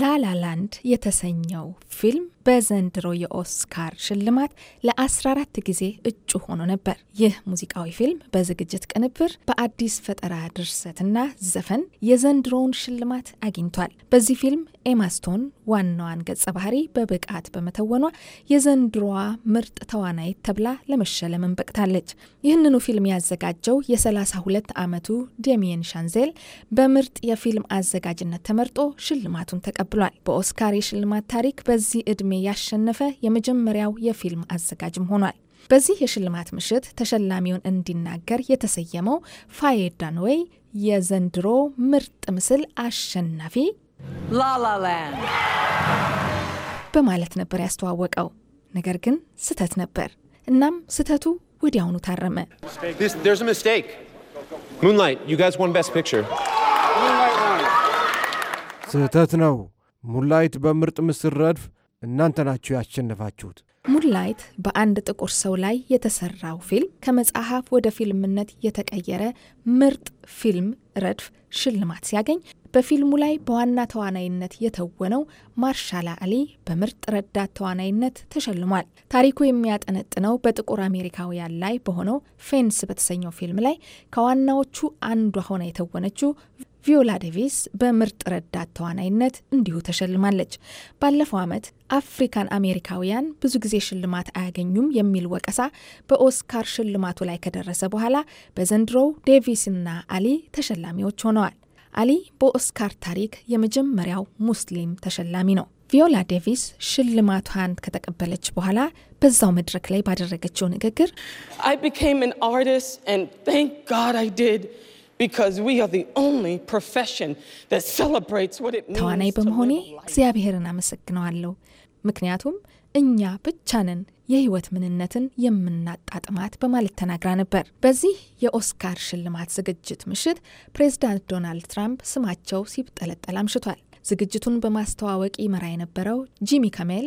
Speaker 12: ላላላንድ የተሰኘው ፊልም በዘንድሮ የኦስካር ሽልማት ለ14 ጊዜ እጩ ሆኖ ነበር። ይህ ሙዚቃዊ ፊልም በዝግጅት ቅንብር፣ በአዲስ ፈጠራ ድርሰትና ዘፈን የዘንድሮውን ሽልማት አግኝቷል። በዚህ ፊልም ኤማስቶን ዋናዋን ገጸ ባህሪ በብቃት በመተወኗ የዘንድሮዋ ምርጥ ተዋናይት ተብላ ለመሸለም በቅታለች። ይህንኑ ፊልም ያዘጋጀው የ32 ዓመቱ ዴሚየን ሻንዜል በምርጥ የፊልም አዘጋጅነት ተመርጦ ሽልማቱን ተቀብሏል። በኦስካር የሽልማት ታሪክ በዚህ ዕድሜ ያሸነፈ የመጀመሪያው የፊልም አዘጋጅም ሆኗል። በዚህ የሽልማት ምሽት ተሸላሚውን እንዲናገር የተሰየመው ፋዬ ዳንዌይ የዘንድሮ ምርጥ ምስል አሸናፊ
Speaker 3: ላላላንድ
Speaker 12: በማለት ነበር ያስተዋወቀው። ነገር ግን ስህተት ነበር። እናም ስህተቱ ወዲያውኑ ታረመ።
Speaker 5: ስህተት ነው። ሙላይት በምርጥ ምስል ረድፍ እናንተ ናችሁ ያሸነፋችሁት።
Speaker 12: ሙንላይት በአንድ ጥቁር ሰው ላይ የተሰራው ፊልም ከመጽሐፍ ወደ ፊልምነት የተቀየረ ምርጥ ፊልም ረድፍ ሽልማት ሲያገኝ በፊልሙ ላይ በዋና ተዋናይነት የተወነው ማርሻላ አሊ በምርጥ ረዳት ተዋናይነት ተሸልሟል። ታሪኩ የሚያጠነጥነው በጥቁር አሜሪካውያን ላይ በሆነው ፌንስ በተሰኘው ፊልም ላይ ከዋናዎቹ አንዷ ሆና የተወነችው ቪዮላ ዴቪስ በምርጥ ረዳት ተዋናይነት እንዲሁ ተሸልማለች። ባለፈው ዓመት አፍሪካን አሜሪካውያን ብዙ ጊዜ ሽልማት አያገኙም የሚል ወቀሳ በኦስካር ሽልማቱ ላይ ከደረሰ በኋላ በዘንድሮው ዴቪስና አሊ ተሸላሚዎች ሆነዋል። አሊ በኦስካር ታሪክ የመጀመሪያው ሙስሊም ተሸላሚ ነው። ቪዮላ ዴቪስ ሽልማቷን ከተቀበለች በኋላ በዛው መድረክ ላይ ባደረገችው ንግግር
Speaker 10: ተዋናይ በመሆኔ
Speaker 12: እግዚአብሔርን አመሰግነዋለሁ። ምክንያቱም እኛ ብቻ ነን የህይወት ምንነትን የምናጣጥማት በማለት ተናግራ ነበር። በዚህ የኦስካር ሽልማት ዝግጅት ምሽት ፕሬዚዳንት ዶናልድ ትራምፕ ስማቸው ሲብጠለጠል አምሽቷል። ዝግጅቱን በማስተዋወቅ ይመራ የነበረው ጂሚ ከሜል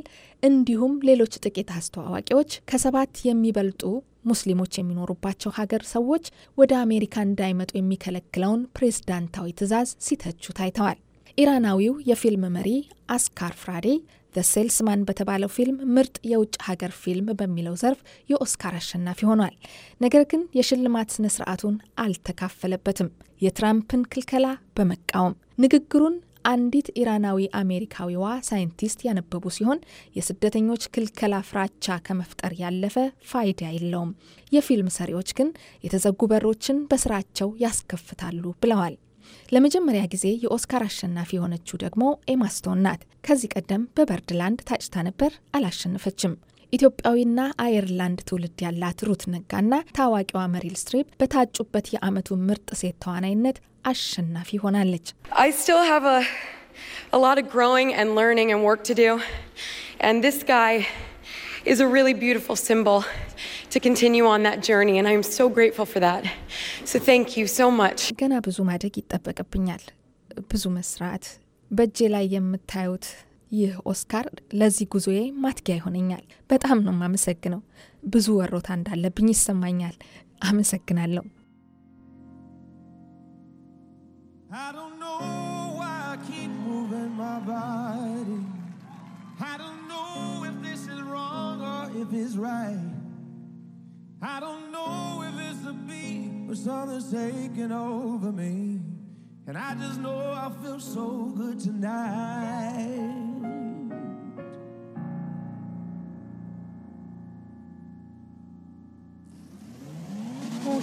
Speaker 12: እንዲሁም ሌሎች ጥቂት አስተዋዋቂዎች ከሰባት የሚበልጡ ሙስሊሞች የሚኖሩባቸው ሀገር ሰዎች ወደ አሜሪካ እንዳይመጡ የሚከለክለውን ፕሬዝዳንታዊ ትዕዛዝ ሲተቹ ታይተዋል። ኢራናዊው የፊልም መሪ አስካር ፍራዴ ዘ ሴልስማን በተባለው ፊልም ምርጥ የውጭ ሀገር ፊልም በሚለው ዘርፍ የኦስካር አሸናፊ ሆኗል። ነገር ግን የሽልማት ስነ ስርዓቱን አልተካፈለበትም። የትራምፕን ክልከላ በመቃወም ንግግሩን አንዲት ኢራናዊ አሜሪካዊዋ ሳይንቲስት ያነበቡ ሲሆን የስደተኞች ክልከላ ፍራቻ ከመፍጠር ያለፈ ፋይዳ የለውም፣ የፊልም ሰሪዎች ግን የተዘጉ በሮችን በስራቸው ያስከፍታሉ ብለዋል። ለመጀመሪያ ጊዜ የኦስካር አሸናፊ የሆነችው ደግሞ ኤማስቶን ናት። ከዚህ ቀደም በበርድላንድ ታጭታ ነበር፣ አላሸነፈችም። ኢትዮጵያዊና አየርላንድ ትውልድ ያላት ሩት ነጋና ታዋቂዋ መሪል ስትሪፕ በታጩበት የዓመቱ ምርጥ ሴት ተዋናይነት አሸናፊ ሆናለች። is a really beautiful symbol to continue on that journey and I am so grateful for that. So thank you so much. ገና ብዙ ማደግ ይጠበቅብኛል። ብዙ መስራት። በእጄ ላይ የምታዩት ይህ ኦስካር ለዚህ ጉዞዬ ማትጊያ ይሆነኛል። በጣም ነው የማመሰግነው። ብዙ ወሮታ እንዳለብኝ ይሰማኛል። አመሰግናለሁ።
Speaker 10: I don't know why I keep
Speaker 13: moving my body. I don't know if this is wrong or if it's right. I don't know if it's the beat or something's taking over me. And I just know I feel so good tonight.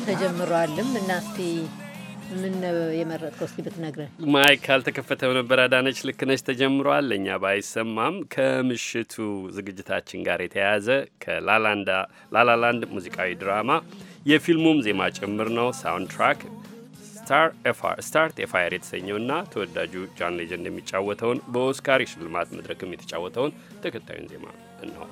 Speaker 3: ተጀምሯልም እና እስቲ ምን የመረጥከው? እስኪ ብትነግረን።
Speaker 1: ማይክ ካልተከፈተው ነበር። አዳነች ልክ ነች፣ ተጀምሯል። ለእኛ ባይሰማም ከምሽቱ ዝግጅታችን ጋር የተያያዘ ከላላላንድ ሙዚቃዊ ድራማ የፊልሙም ዜማ ጭምር ነው ሳውንድ ትራክ ስታርት ኤፋየር የተሰኘውና ተወዳጁ ጃን ሌጀንድ የሚጫወተውን በኦስካር የሽልማት መድረክም የተጫወተውን ተከታዩን ዜማ ነው።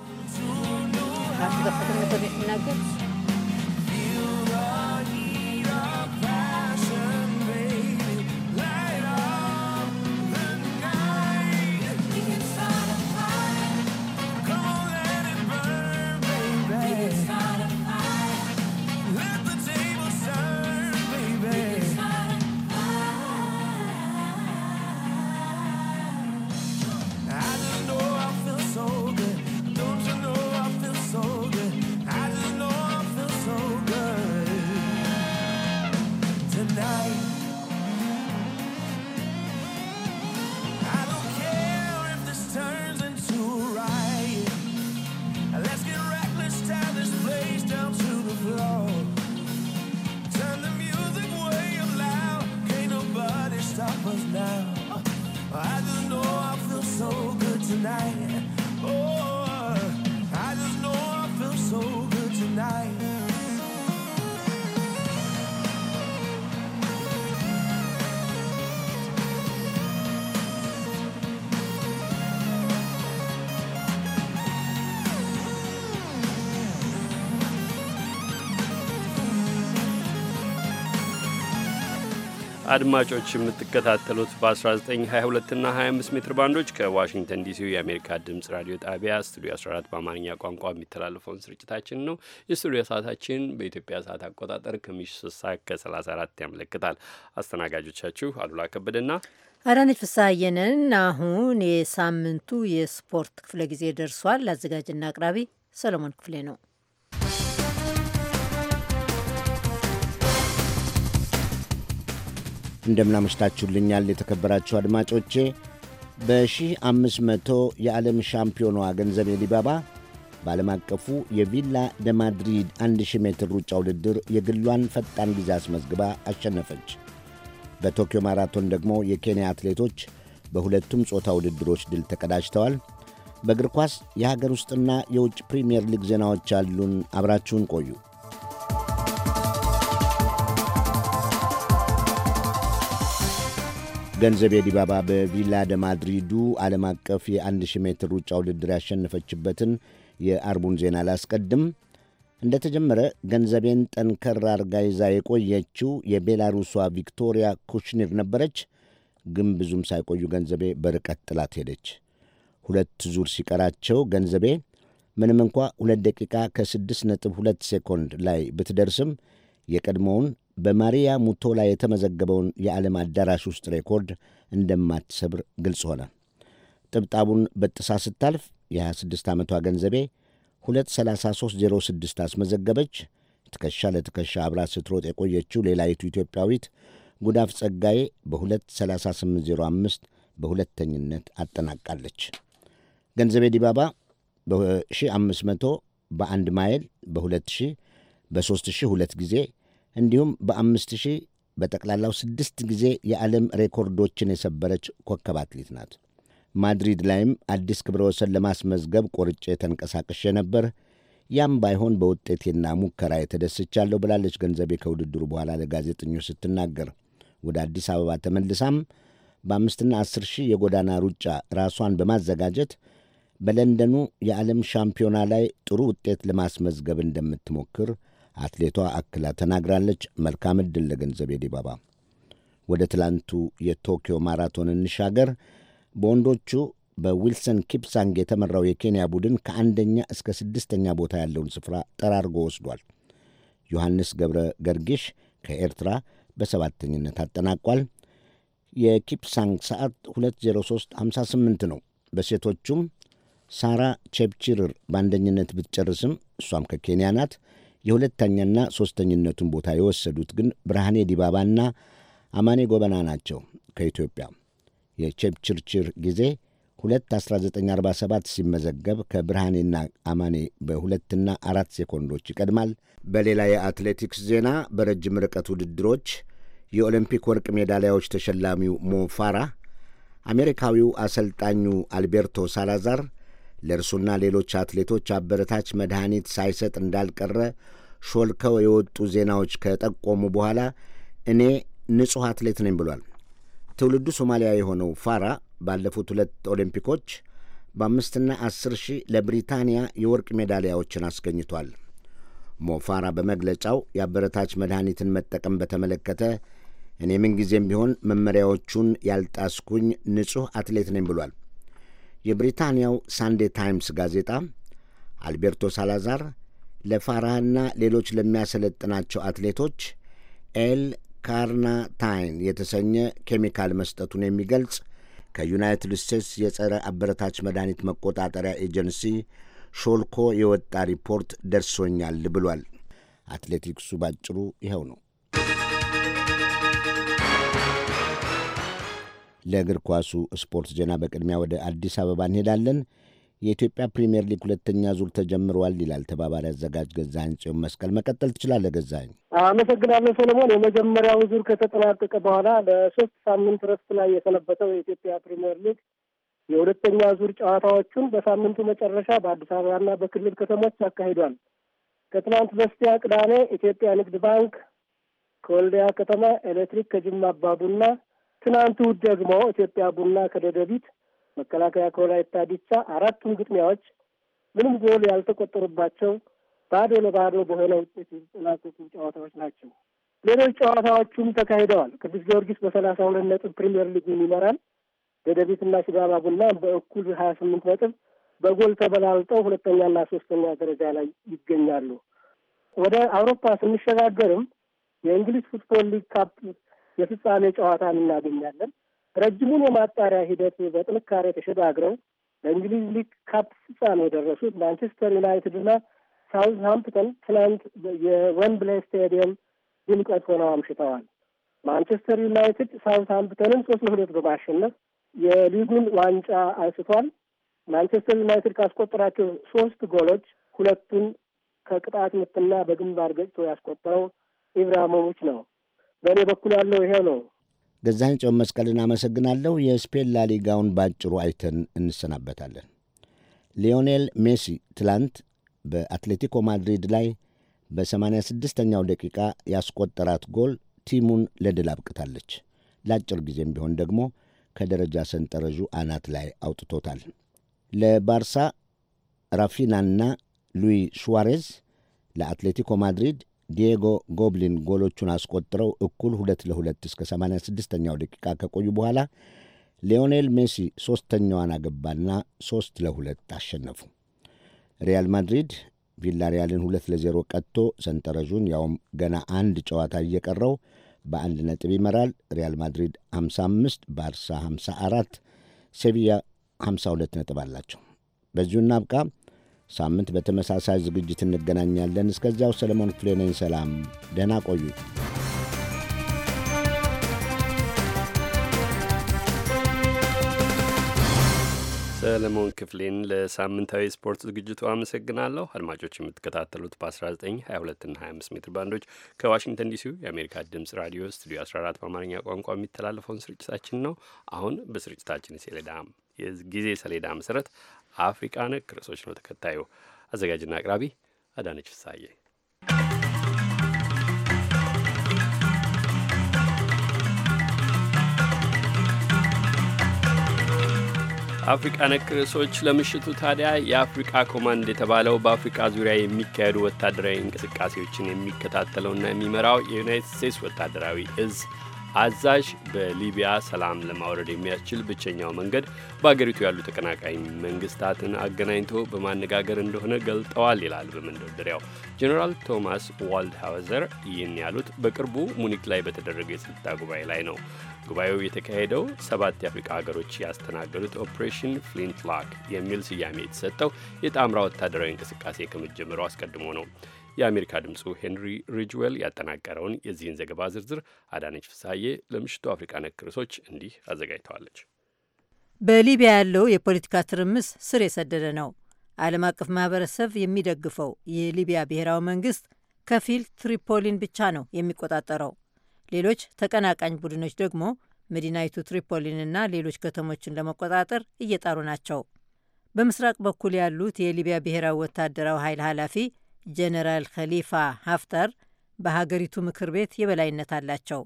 Speaker 1: አድማጮች የምትከታተሉት በ1922 እና 25 ሜትር ባንዶች ከዋሽንግተን ዲሲ የአሜሪካ ድምፅ ራዲዮ ጣቢያ ስቱዲዮ 14 በአማርኛ ቋንቋ የሚተላለፈውን ስርጭታችን ነው። የስቱዲዮ ሰዓታችን በኢትዮጵያ ሰዓት አቆጣጠር ከምሽቱ 3 ሰዓት ከ34 ያመለክታል። አስተናጋጆቻችሁ አሉላ ከበደና
Speaker 3: አዳነች ፍስሐየንን። አሁን የሳምንቱ የስፖርት ክፍለ ጊዜ ደርሷል። አዘጋጅና አቅራቢ ሰለሞን ክፍሌ ነው።
Speaker 14: እንደምናመሽታችሁልኛል የተከበራችሁ አድማጮቼ። በ1500 የዓለም ሻምፒዮኗ ገንዘቤ ዲባባ በዓለም አቀፉ የቪላ ደ ማድሪድ 1000 ሜትር ሩጫ ውድድር የግሏን ፈጣን ጊዜ አስመዝግባ አሸነፈች። በቶኪዮ ማራቶን ደግሞ የኬንያ አትሌቶች በሁለቱም ጾታ ውድድሮች ድል ተቀዳጅተዋል። በእግር ኳስ የሀገር ውስጥና የውጭ ፕሪምየር ሊግ ዜናዎች አሉን። አብራችሁን ቆዩ። ገንዘቤ ዲባባ በቪላ ደ ማድሪዱ ዓለም አቀፍ የ1000 ሜትር ሩጫ ውድድር ያሸነፈችበትን የአርቡን ዜና ላስቀድም። እንደተጀመረ ገንዘቤን ጠንከር አርጋ ይዛ የቆየችው የቤላሩሷ ቪክቶሪያ ኩሽኒር ነበረች። ግን ብዙም ሳይቆዩ ገንዘቤ በርቀት ጥላት ሄደች። ሁለት ዙር ሲቀራቸው ገንዘቤ ምንም እንኳ ሁለት ደቂቃ ከ6 ነጥብ ሁለት ሴኮንድ ላይ ብትደርስም የቀድሞውን በማሪያ ሙቶላ የተመዘገበውን የዓለም አዳራሽ ውስጥ ሬኮርድ እንደማትሰብር ግልጽ ሆነ። ጥብጣቡን በጥሳ ስታልፍ የ26 ዓመቷ ገንዘቤ 23306 አስመዘገበች። ትከሻ ለትከሻ አብራ ስትሮጥ የቆየችው ሌላዪቱ ኢትዮጵያዊት ጉዳፍ ጸጋዬ በ23805 በሁለተኝነት አጠናቃለች። ገንዘቤ ዲባባ በ1500 በአንድ ማይል በ2000 በ3000 ሁለት ጊዜ እንዲሁም በአምስት ሺህ በጠቅላላው ስድስት ጊዜ የዓለም ሬኮርዶችን የሰበረች ኮከብ አትሌት ናት። ማድሪድ ላይም አዲስ ክብረ ወሰን ለማስመዝገብ ቆርጬ ተንቀሳቅሼ ነበር። ያም ባይሆን በውጤቴና ሙከራ የተደስቻለሁ ብላለች ገንዘቤ ከውድድሩ በኋላ ለጋዜጠኞች ስትናገር። ወደ አዲስ አበባ ተመልሳም በአምስትና አስር ሺህ የጎዳና ሩጫ ራሷን በማዘጋጀት በለንደኑ የዓለም ሻምፒዮና ላይ ጥሩ ውጤት ለማስመዝገብ እንደምትሞክር አትሌቷ አክላ ተናግራለች። መልካም ዕድል ለገንዘቤ ዲባባ። ወደ ትላንቱ የቶኪዮ ማራቶን እንሻገር። በወንዶቹ በዊልሰን ኪፕሳንግ የተመራው የኬንያ ቡድን ከአንደኛ እስከ ስድስተኛ ቦታ ያለውን ስፍራ ጠራርጎ ወስዷል። ዮሐንስ ገብረ ገርጊሽ ከኤርትራ በሰባተኝነት አጠናቋል። የኪፕሳንግ ሰዓት 20358 ነው። በሴቶቹም ሳራ ቼፕቺርር በአንደኝነት ብትጨርስም እሷም ከኬንያ ናት። የሁለተኛና ሦስተኝነቱን ቦታ የወሰዱት ግን ብርሃኔ ዲባባና አማኔ ጎበና ናቸው። ከኢትዮጵያ የቼፕችርችር ጊዜ 21947 ሲመዘገብ ከብርሃኔና አማኔ በሁለትና አራት ሴኮንዶች ይቀድማል። በሌላ የአትሌቲክስ ዜና በረጅም ርቀት ውድድሮች የኦሎምፒክ ወርቅ ሜዳሊያዎች ተሸላሚው ሞፋራ አሜሪካዊው አሰልጣኙ አልቤርቶ ሳላዛር ለእርሱና ሌሎች አትሌቶች አበረታች መድኃኒት ሳይሰጥ እንዳልቀረ ሾልከው የወጡ ዜናዎች ከጠቆሙ በኋላ እኔ ንጹሕ አትሌት ነኝ ብሏል። ትውልዱ ሶማሊያ የሆነው ፋራ ባለፉት ሁለት ኦሊምፒኮች በአምስትና አስር ሺህ ለብሪታንያ የወርቅ ሜዳሊያዎችን አስገኝቷል። ሞፋራ በመግለጫው የአበረታች መድኃኒትን መጠቀም በተመለከተ እኔ ምንጊዜም ቢሆን መመሪያዎቹን ያልጣስኩኝ ንጹሕ አትሌት ነኝ ብሏል። የብሪታንያው ሳንዴ ታይምስ ጋዜጣ አልቤርቶ ሳላዛር ለፋራህና ሌሎች ለሚያሰለጥናቸው አትሌቶች ኤል ካርናታይን የተሰኘ ኬሚካል መስጠቱን የሚገልጽ ከዩናይትድ ስቴትስ የጸረ አበረታች መድኃኒት መቆጣጠሪያ ኤጀንሲ ሾልኮ የወጣ ሪፖርት ደርሶኛል ብሏል። አትሌቲክሱ ባጭሩ ይኸው ነው። ለእግር ኳሱ ስፖርት ዜና በቅድሚያ ወደ አዲስ አበባ እንሄዳለን። የኢትዮጵያ ፕሪምየር ሊግ ሁለተኛ ዙር ተጀምረዋል ይላል ተባባሪ አዘጋጅ ገዛኝ ጽዮን መስቀል። መቀጠል ትችላለህ ገዛኝ።
Speaker 8: አመሰግናለሁ ሰለሞን። የመጀመሪያው ዙር ከተጠናቀቀ በኋላ ለሶስት ሳምንት ረፍት ላይ የሰነበተው የኢትዮጵያ ፕሪምየር ሊግ የሁለተኛ ዙር ጨዋታዎቹን በሳምንቱ መጨረሻ በአዲስ አበባና በክልል ከተሞች አካሂዷል። ከትናንት በስቲያ ቅዳሜ ኢትዮጵያ ንግድ ባንክ ከወልዲያ ከተማ፣ ኤሌክትሪክ ከጅማ አባ ቡና ትናንት ደግሞ ኢትዮጵያ ቡና ከደደቢት፣ መከላከያ ከወላይታ ዲቻ አራቱም ግጥሚያዎች ምንም ጎል ያልተቆጠሩባቸው ባዶ ለባዶ በሆነ ውጤት የተጠናቀቁ ጨዋታዎች ናቸው። ሌሎች ጨዋታዎቹም ተካሂደዋል። ቅዱስ ጊዮርጊስ በሰላሳ ሁለት ነጥብ ፕሪምየር ሊጉን ይመራል። ደደቢትና ሲዳማ ቡና በእኩል ሀያ ስምንት ነጥብ በጎል ተበላልጠው ሁለተኛና ሶስተኛ ደረጃ ላይ ይገኛሉ። ወደ አውሮፓ ስንሸጋገርም የእንግሊዝ ፉትቦል ሊግ ካፕ የፍጻሜ ጨዋታን እናገኛለን። ረጅሙን የማጣሪያ ሂደት በጥንካሬ ተሸጋግረው በእንግሊዝ ሊግ ካፕ ፍጻሜ የደረሱት ማንቸስተር ሳውዝ ሃምፕተን ትናንት የዌምብሌይ ስታዲየም ድምቀት ሆነው አምሽተዋል። ማንቸስተር ዩናይትድ ሃምፕተንን ሶስት ለሁለት በማሸነፍ የሊጉን ዋንጫ አንስቷል። ማንቸስተር ዩናይትድ ካስቆጠራቸው ሶስት ጎሎች ሁለቱን ከቅጣት ምትና በግንባር ገጭቶ ያስቆጠረው ኢብራሂሞቪች ነው። በእኔ በኩል ያለው ይሄ ነው።
Speaker 14: ገዛኝ ጾም መስቀልን አመሰግናለሁ። የስፔን ላሊጋውን በአጭሩ አይተን እንሰናበታለን። ሊዮኔል ሜሲ ትላንት በአትሌቲኮ ማድሪድ ላይ በ86ኛው ደቂቃ ያስቆጠራት ጎል ቲሙን ለድል አብቅታለች። ለአጭር ጊዜም ቢሆን ደግሞ ከደረጃ ሰንጠረዡ አናት ላይ አውጥቶታል። ለባርሳ ራፊናና ሉዊ ሹዋሬዝ፣ ለአትሌቲኮ ማድሪድ ዲየጎ ጎብሊን ጎሎቹን አስቆጥረው እኩል ሁለት ለሁለት እስከ 86ኛው ደቂቃ ከቆዩ በኋላ ሊዮኔል ሜሲ ሦስተኛዋን አገባና ሦስት ለሁለት አሸነፉ። ሪያል ማድሪድ ቪላ ሪያልን ሁለት ለዜሮ ቀጥቶ ሰንጠረዡን ያውም ገና አንድ ጨዋታ እየቀረው በአንድ ነጥብ ይመራል። ሪያል ማድሪድ 55፣ ባርሳ 54፣ ሴቪያ 52 ነጥብ አላቸው። በዚሁ እናብቃ። ሳምንት በተመሳሳይ ዝግጅት እንገናኛለን። እስከዚያው ሰለሞን ክፍሌ ነኝ። ሰላም፣ ደህና ቆዩ።
Speaker 1: ሰለሞን ክፍሌን ለሳምንታዊ ስፖርት ዝግጅቱ አመሰግናለሁ። አድማጮች የምትከታተሉት በ19፣ 22 እና 25 ሜትር ባንዶች ከዋሽንግተን ዲሲው የአሜሪካ ድምፅ ራዲዮ ስቱዲዮ 14 በአማርኛ ቋንቋ የሚተላለፈውን ስርጭታችን ነው። አሁን በስርጭታችን የሰሌዳ ጊዜ ሰሌዳ መሰረት አፍሪቃ ነክ ርዕሶች ነው ተከታዩ። አዘጋጅና አቅራቢ አዳነች ፍሳዬ። አፍሪቃ ነክ ርዕሶች ለምሽቱ ታዲያ የአፍሪቃ ኮማንድ የተባለው በአፍሪቃ ዙሪያ የሚካሄዱ ወታደራዊ እንቅስቃሴዎችን የሚከታተለውና የሚመራው የዩናይትድ ስቴትስ ወታደራዊ እዝ አዛዥ በሊቢያ ሰላም ለማውረድ የሚያስችል ብቸኛው መንገድ በአገሪቱ ያሉ ተቀናቃኝ መንግስታትን አገናኝቶ በማነጋገር እንደሆነ ገልጠዋል ይላል በመንደርደሪያው። ጀኔራል ቶማስ ዋልድሃውዘር ይህን ያሉት በቅርቡ ሙኒክ ላይ በተደረገ የጸጥታ ጉባኤ ላይ ነው። ጉባኤው የተካሄደው ሰባት የአፍሪካ ሀገሮች ያስተናገዱት ኦፕሬሽን ፍሊንትላክ የሚል ስያሜ የተሰጠው የጣምራ ወታደራዊ እንቅስቃሴ ከመጀመሩ አስቀድሞ ነው። የአሜሪካ ድምፁ ሄንሪ ሪጅዌል ያጠናቀረውን የዚህን ዘገባ ዝርዝር አዳነች ፍሳዬ ለምሽቱ አፍሪቃ ነክ ርዕሶች እንዲህ አዘጋጅተዋለች።
Speaker 3: በሊቢያ ያለው የፖለቲካ ትርምስ ስር የሰደደ ነው። ዓለም አቀፍ ማህበረሰብ የሚደግፈው የሊቢያ ብሔራዊ መንግስት ከፊል ትሪፖሊን ብቻ ነው የሚቆጣጠረው። ሌሎች ተቀናቃኝ ቡድኖች ደግሞ መዲናይቱ ትሪፖሊንና ሌሎች ከተሞችን ለመቆጣጠር እየጣሩ ናቸው። በምስራቅ በኩል ያሉት የሊቢያ ብሔራዊ ወታደራዊ ኃይል ኃላፊ ጀነራል ኸሊፋ ሀፍተር በሀገሪቱ ምክር ቤት የበላይነት አላቸው።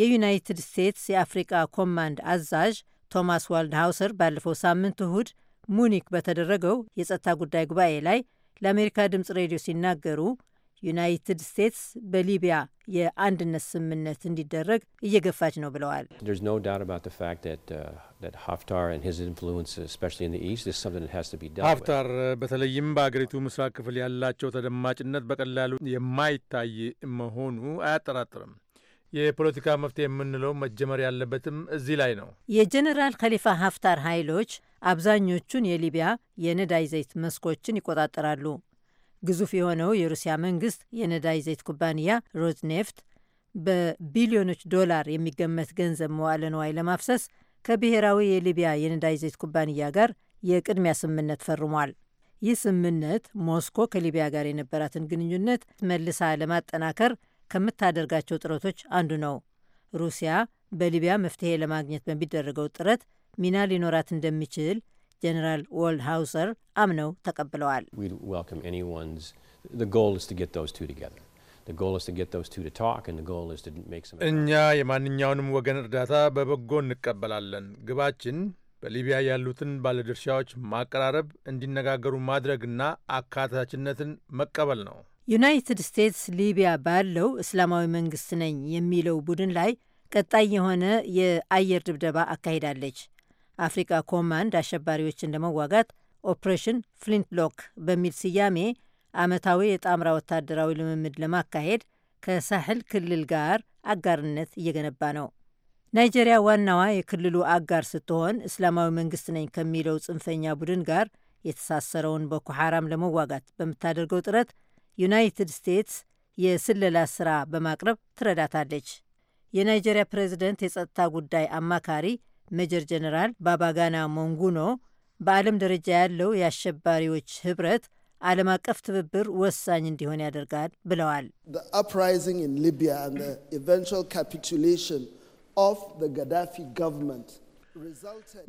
Speaker 3: የዩናይትድ ስቴትስ የአፍሪቃ ኮማንድ አዛዥ ቶማስ ዋልድ ሃውሰር ባለፈው ሳምንት እሁድ ሙኒክ በተደረገው የጸጥታ ጉዳይ ጉባኤ ላይ ለአሜሪካ ድምፅ ሬዲዮ ሲናገሩ ዩናይትድ ስቴትስ በሊቢያ የአንድነት ስምምነት እንዲደረግ እየገፋች ነው ብለዋል።
Speaker 13: ሀፍታር uh, uh, በተለይም በአገሪቱ ምስራቅ ክፍል ያላቸው ተደማጭነት በቀላሉ የማይታይ መሆኑ አያጠራጥርም። የፖለቲካ መፍትሄ የምንለው መጀመር ያለበትም እዚህ ላይ ነው።
Speaker 3: የጀኔራል ከሊፋ ሀፍታር ኃይሎች አብዛኞቹን የሊቢያ የነዳጅ ዘይት መስኮችን ይቆጣጠራሉ። ግዙፍ የሆነው የሩሲያ መንግስት የነዳጅ ዘይት ኩባንያ ሮዝኔፍት በቢሊዮኖች ዶላር የሚገመት ገንዘብ መዋለ ንዋይ ለማፍሰስ ከብሔራዊ የሊቢያ የነዳጅ ዘይት ኩባንያ ጋር የቅድሚያ ስምምነት ፈርሟል። ይህ ስምምነት ሞስኮ ከሊቢያ ጋር የነበራትን ግንኙነት መልሳ ለማጠናከር ከምታደርጋቸው ጥረቶች አንዱ ነው። ሩሲያ በሊቢያ መፍትሄ ለማግኘት በሚደረገው ጥረት ሚና ሊኖራት እንደሚችል ጀነራል ወልድ ሃውሰር አምነው ተቀብለዋል።
Speaker 13: እኛ የማንኛውንም ወገን እርዳታ በበጎ እንቀበላለን። ግባችን በሊቢያ ያሉትን ባለድርሻዎች ማቀራረብ፣ እንዲነጋገሩ ማድረግና አካታችነትን መቀበል ነው።
Speaker 3: ዩናይትድ ስቴትስ ሊቢያ ባለው እስላማዊ መንግስት ነኝ የሚለው ቡድን ላይ ቀጣይ የሆነ የአየር ድብደባ አካሂዳለች። አፍሪካ ኮማንድ አሸባሪዎችን ለመዋጋት ኦፕሬሽን ሎክ በሚል ስያሜ ዓመታዊ የጣምራ ወታደራዊ ልምምድ ለማካሄድ ከሳህል ክልል ጋር አጋርነት እየገነባ ነው። ናይጄሪያ ዋናዋ የክልሉ አጋር ስትሆን እስላማዊ መንግስት ነኝ ከሚለው ጽንፈኛ ቡድን ጋር የተሳሰረውን ቦኮ ሐራም ለመዋጋት በምታደርገው ጥረት ዩናይትድ ስቴትስ የስለላ ስራ በማቅረብ ትረዳታለች። የናይጄሪያ ፕሬዚደንት የጸጥታ ጉዳይ አማካሪ ሜጀር ጀነራል ባባጋና ሞንጉኖ በዓለም ደረጃ ያለው የአሸባሪዎች ህብረት ዓለም አቀፍ ትብብር ወሳኝ እንዲሆን ያደርጋል ብለዋል።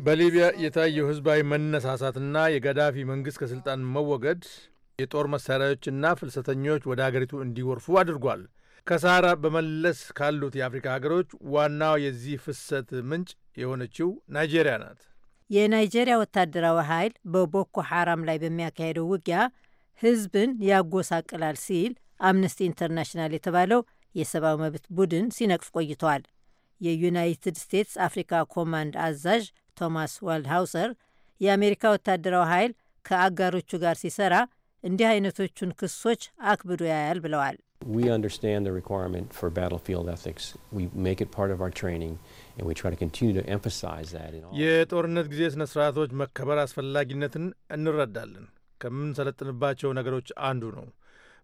Speaker 14: በሊቢያ
Speaker 13: የታየው ህዝባዊ መነሳሳትና የጋዳፊ መንግሥት ከሥልጣን መወገድ የጦር መሣሪያዎችና ፍልሰተኞች ወደ አገሪቱ እንዲወርፉ አድርጓል። ከሳራ በመለስ ካሉት የአፍሪካ ሀገሮች ዋናው የዚህ ፍሰት ምንጭ የሆነችው ናይጄሪያ ናት።
Speaker 3: የናይጄሪያ ወታደራዊ ኃይል በቦኮ ሐራም ላይ በሚያካሄደው ውጊያ ሕዝብን ያጎሳቅላል ሲል አምነስቲ ኢንተርናሽናል የተባለው የሰብአዊ መብት ቡድን ሲነቅፍ ቆይተዋል። የዩናይትድ ስቴትስ አፍሪካ ኮማንድ አዛዥ ቶማስ ዋልድሃውሰር የአሜሪካ ወታደራዊ ኃይል ከአጋሮቹ ጋር ሲሰራ እንዲህ አይነቶቹን ክሶች አክብዶ ያያል ብለዋል።
Speaker 1: We understand the requirement for battlefield ethics. We make it part of our training.
Speaker 13: የጦርነት ጊዜ ስነ ስርዓቶች መከበር አስፈላጊነትን እንረዳለን። ከምንሰለጥንባቸው ነገሮች አንዱ ነው።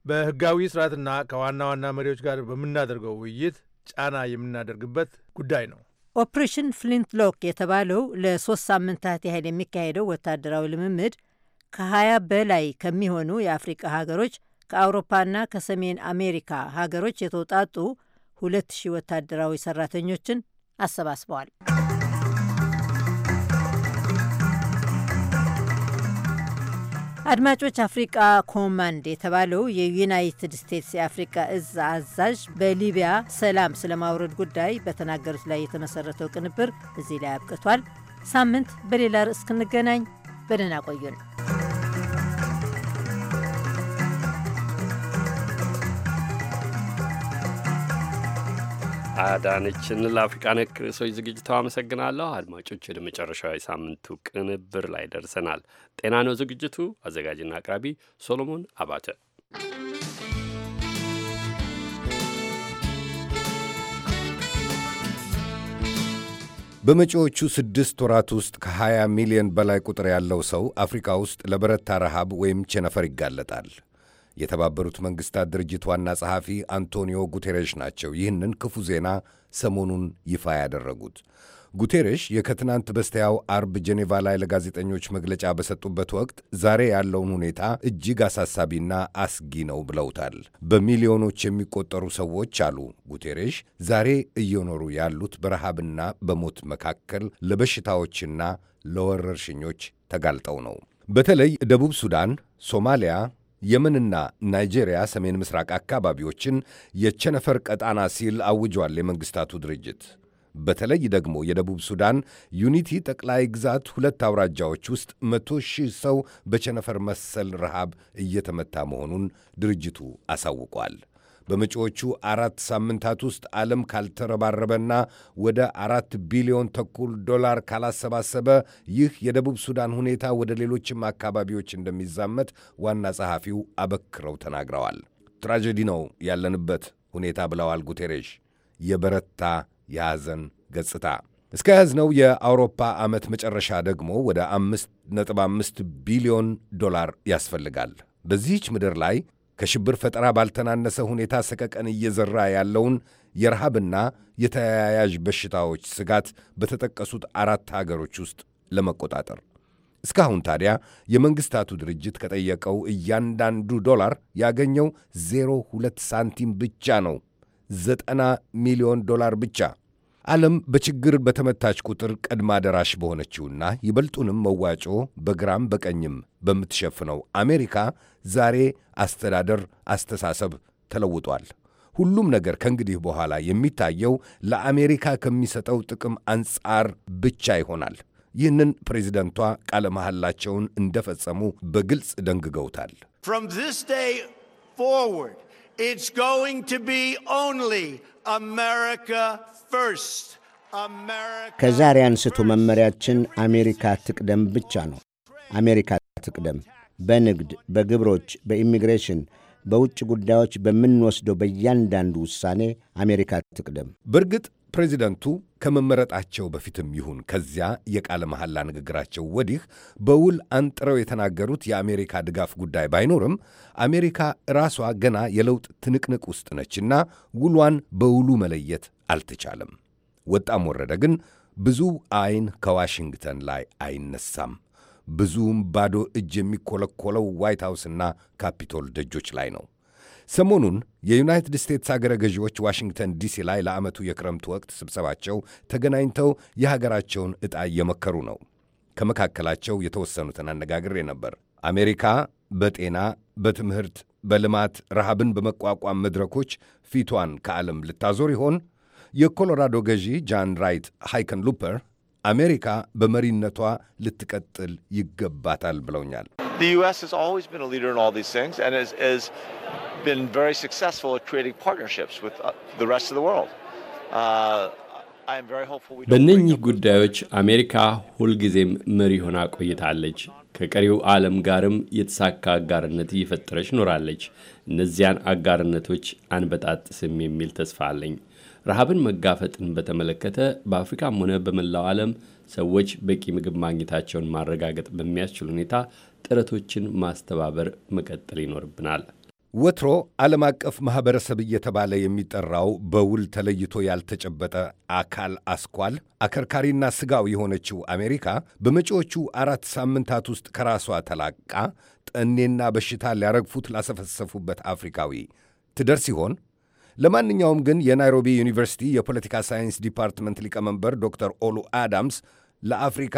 Speaker 13: በህጋዊ ስርዓትና ከዋና ዋና መሪዎች ጋር በምናደርገው ውይይት ጫና የምናደርግበት ጉዳይ ነው።
Speaker 3: ኦፕሬሽን ፍሊንት ሎክ የተባለው ለሶስት ሳምንታት ያህል የሚካሄደው ወታደራዊ ልምምድ ከ20 በላይ ከሚሆኑ የአፍሪቃ ሀገሮች ከአውሮፓና ከሰሜን አሜሪካ ሀገሮች የተውጣጡ ሺ ወታደራዊ ሰራተኞችን አሰባስበዋል። አድማጮች፣ አፍሪቃ ኮማንድ የተባለው የዩናይትድ ስቴትስ የአፍሪቃ እዝ አዛዥ በሊቢያ ሰላም ስለማውረድ ጉዳይ በተናገሩት ላይ የተመሰረተው ቅንብር እዚህ ላይ አብቅቷል። ሳምንት በሌላ ርዕስ እስክንገናኝ በደህና ቆዩን።
Speaker 1: አዳነችን ለአፍሪቃ ነክ ርዕሶች ዝግጅታው አመሰግናለሁ። አድማጮች ወደ መጨረሻዊ ሳምንቱ ቅንብር ላይ ደርሰናል። ጤና ነው ዝግጅቱ። አዘጋጅና አቅራቢ ሶሎሞን አባተ።
Speaker 5: በመጪዎቹ ስድስት ወራት ውስጥ ከ20 ሚሊዮን በላይ ቁጥር ያለው ሰው አፍሪካ ውስጥ ለበረታ ረሃብ ወይም ቸነፈር ይጋለጣል። የተባበሩት መንግስታት ድርጅት ዋና ጸሐፊ አንቶኒዮ ጉቴሬሽ ናቸው ይህንን ክፉ ዜና ሰሞኑን ይፋ ያደረጉት። ጉቴሬሽ የከትናንት በስቲያው አርብ ጄኔቫ ላይ ለጋዜጠኞች መግለጫ በሰጡበት ወቅት ዛሬ ያለውን ሁኔታ እጅግ አሳሳቢና አስጊ ነው ብለውታል። በሚሊዮኖች የሚቆጠሩ ሰዎች አሉ ጉቴሬሽ፣ ዛሬ እየኖሩ ያሉት በረሃብና በሞት መካከል ለበሽታዎችና ለወረርሽኞች ተጋልጠው ነው። በተለይ ደቡብ ሱዳን፣ ሶማሊያ የመንና ናይጄሪያ ሰሜን ምስራቅ አካባቢዎችን የቸነፈር ቀጣና ሲል አውጇል የመንግሥታቱ ድርጅት። በተለይ ደግሞ የደቡብ ሱዳን ዩኒቲ ጠቅላይ ግዛት ሁለት አውራጃዎች ውስጥ መቶ ሺህ ሰው በቸነፈር መሰል ረሃብ እየተመታ መሆኑን ድርጅቱ አሳውቋል። በመጪዎቹ አራት ሳምንታት ውስጥ ዓለም ካልተረባረበና ወደ አራት ቢሊዮን ተኩል ዶላር ካላሰባሰበ ይህ የደቡብ ሱዳን ሁኔታ ወደ ሌሎችም አካባቢዎች እንደሚዛመት ዋና ጸሐፊው አበክረው ተናግረዋል። ትራጀዲ ነው ያለንበት ሁኔታ ብለዋል ጉቴሬሽ። የበረታ የሐዘን ገጽታ እስከ ያዝነው የአውሮፓ ዓመት መጨረሻ ደግሞ ወደ አምስት ነጥብ አምስት ቢሊዮን ዶላር ያስፈልጋል። በዚህች ምድር ላይ ከሽብር ፈጠራ ባልተናነሰ ሁኔታ ሰቀቀን እየዘራ ያለውን የረሃብና የተያያዥ በሽታዎች ስጋት በተጠቀሱት አራት አገሮች ውስጥ ለመቆጣጠር እስካሁን ታዲያ የመንግሥታቱ ድርጅት ከጠየቀው እያንዳንዱ ዶላር ያገኘው 02 ሳንቲም ብቻ ነው። 90 ሚሊዮን ዶላር ብቻ። ዓለም በችግር በተመታች ቁጥር ቀድማ ደራሽ በሆነችውና ይበልጡንም መዋጮ በግራም በቀኝም በምትሸፍነው አሜሪካ ዛሬ አስተዳደር፣ አስተሳሰብ ተለውጧል። ሁሉም ነገር ከእንግዲህ በኋላ የሚታየው ለአሜሪካ ከሚሰጠው ጥቅም አንጻር ብቻ ይሆናል። ይህንን ፕሬዚደንቷ ቃለ መሐላቸውን እንደፈጸሙ በግልጽ ደንግገውታል።
Speaker 13: From It's going to be only America first.
Speaker 14: ከዛሬ አንስቶ መመሪያችን አሜሪካ ትቅደም ብቻ ነው። አሜሪካ ትቅደም። በንግድ፣ በግብሮች፣ በኢሚግሬሽን በውጭ ጉዳዮች በምንወስደው በእያንዳንዱ ውሳኔ አሜሪካ ትቅደም።
Speaker 5: በእርግጥ ፕሬዚደንቱ ከመመረጣቸው በፊትም ይሁን ከዚያ የቃለ መሐላ ንግግራቸው ወዲህ በውል አንጥረው የተናገሩት የአሜሪካ ድጋፍ ጉዳይ ባይኖርም አሜሪካ ራሷ ገና የለውጥ ትንቅንቅ ውስጥ ነችና ውሏን በውሉ መለየት አልተቻለም። ወጣም ወረደ ግን ብዙ አይን ከዋሽንግተን ላይ አይነሳም። ብዙም ባዶ እጅ የሚኮለኮለው ዋይት ሃውስና ካፒቶል ደጆች ላይ ነው። ሰሞኑን የዩናይትድ ስቴትስ አገረ ገዢዎች ዋሽንግተን ዲሲ ላይ ለዓመቱ የክረምቱ ወቅት ስብሰባቸው ተገናኝተው የሀገራቸውን ዕጣ እየመከሩ ነው። ከመካከላቸው የተወሰኑትን አነጋግሬ ነበር። አሜሪካ በጤና በትምህርት፣ በልማት ረሃብን በመቋቋም መድረኮች ፊቷን ከዓለም ልታዞር ይሆን? የኮሎራዶ ገዢ ጃን ራይት ሃይከን ሉፐር አሜሪካ በመሪነቷ ልትቀጥል ይገባታል ብለውኛል።
Speaker 3: the U.S. has always been a leader in all these things and
Speaker 10: has, has been very successful at creating partnerships with uh, the rest of the world. Uh,
Speaker 1: በእነኚህ ጉዳዮች አሜሪካ ሁልጊዜም መሪ ሆና ቆይታለች። ከቀሪው ዓለም ጋርም የተሳካ አጋርነት እየፈጠረች ኖራለች። እነዚያን አጋርነቶች አንበጣጥስም የሚል ተስፋ አለኝ። ረሃብን መጋፈጥን በተመለከተ በአፍሪካም ሆነ በመላው ዓለም ሰዎች በቂ ምግብ
Speaker 5: ማግኘታቸውን ማረጋገጥ በሚያስችል ሁኔታ ጥረቶችን ማስተባበር መቀጠል ይኖርብናል። ወትሮ ዓለም አቀፍ ማኅበረሰብ እየተባለ የሚጠራው በውል ተለይቶ ያልተጨበጠ አካል አስኳል አከርካሪና ሥጋው የሆነችው አሜሪካ በመጪዎቹ አራት ሳምንታት ውስጥ ከራሷ ተላቃ ጠኔና በሽታ ሊያረግፉት ላሰፈሰፉበት አፍሪካዊ ትደር ሲሆን ለማንኛውም ግን የናይሮቢ ዩኒቨርሲቲ የፖለቲካ ሳይንስ ዲፓርትመንት ሊቀመንበር ዶክተር ኦሉ አዳምስ ለአፍሪካ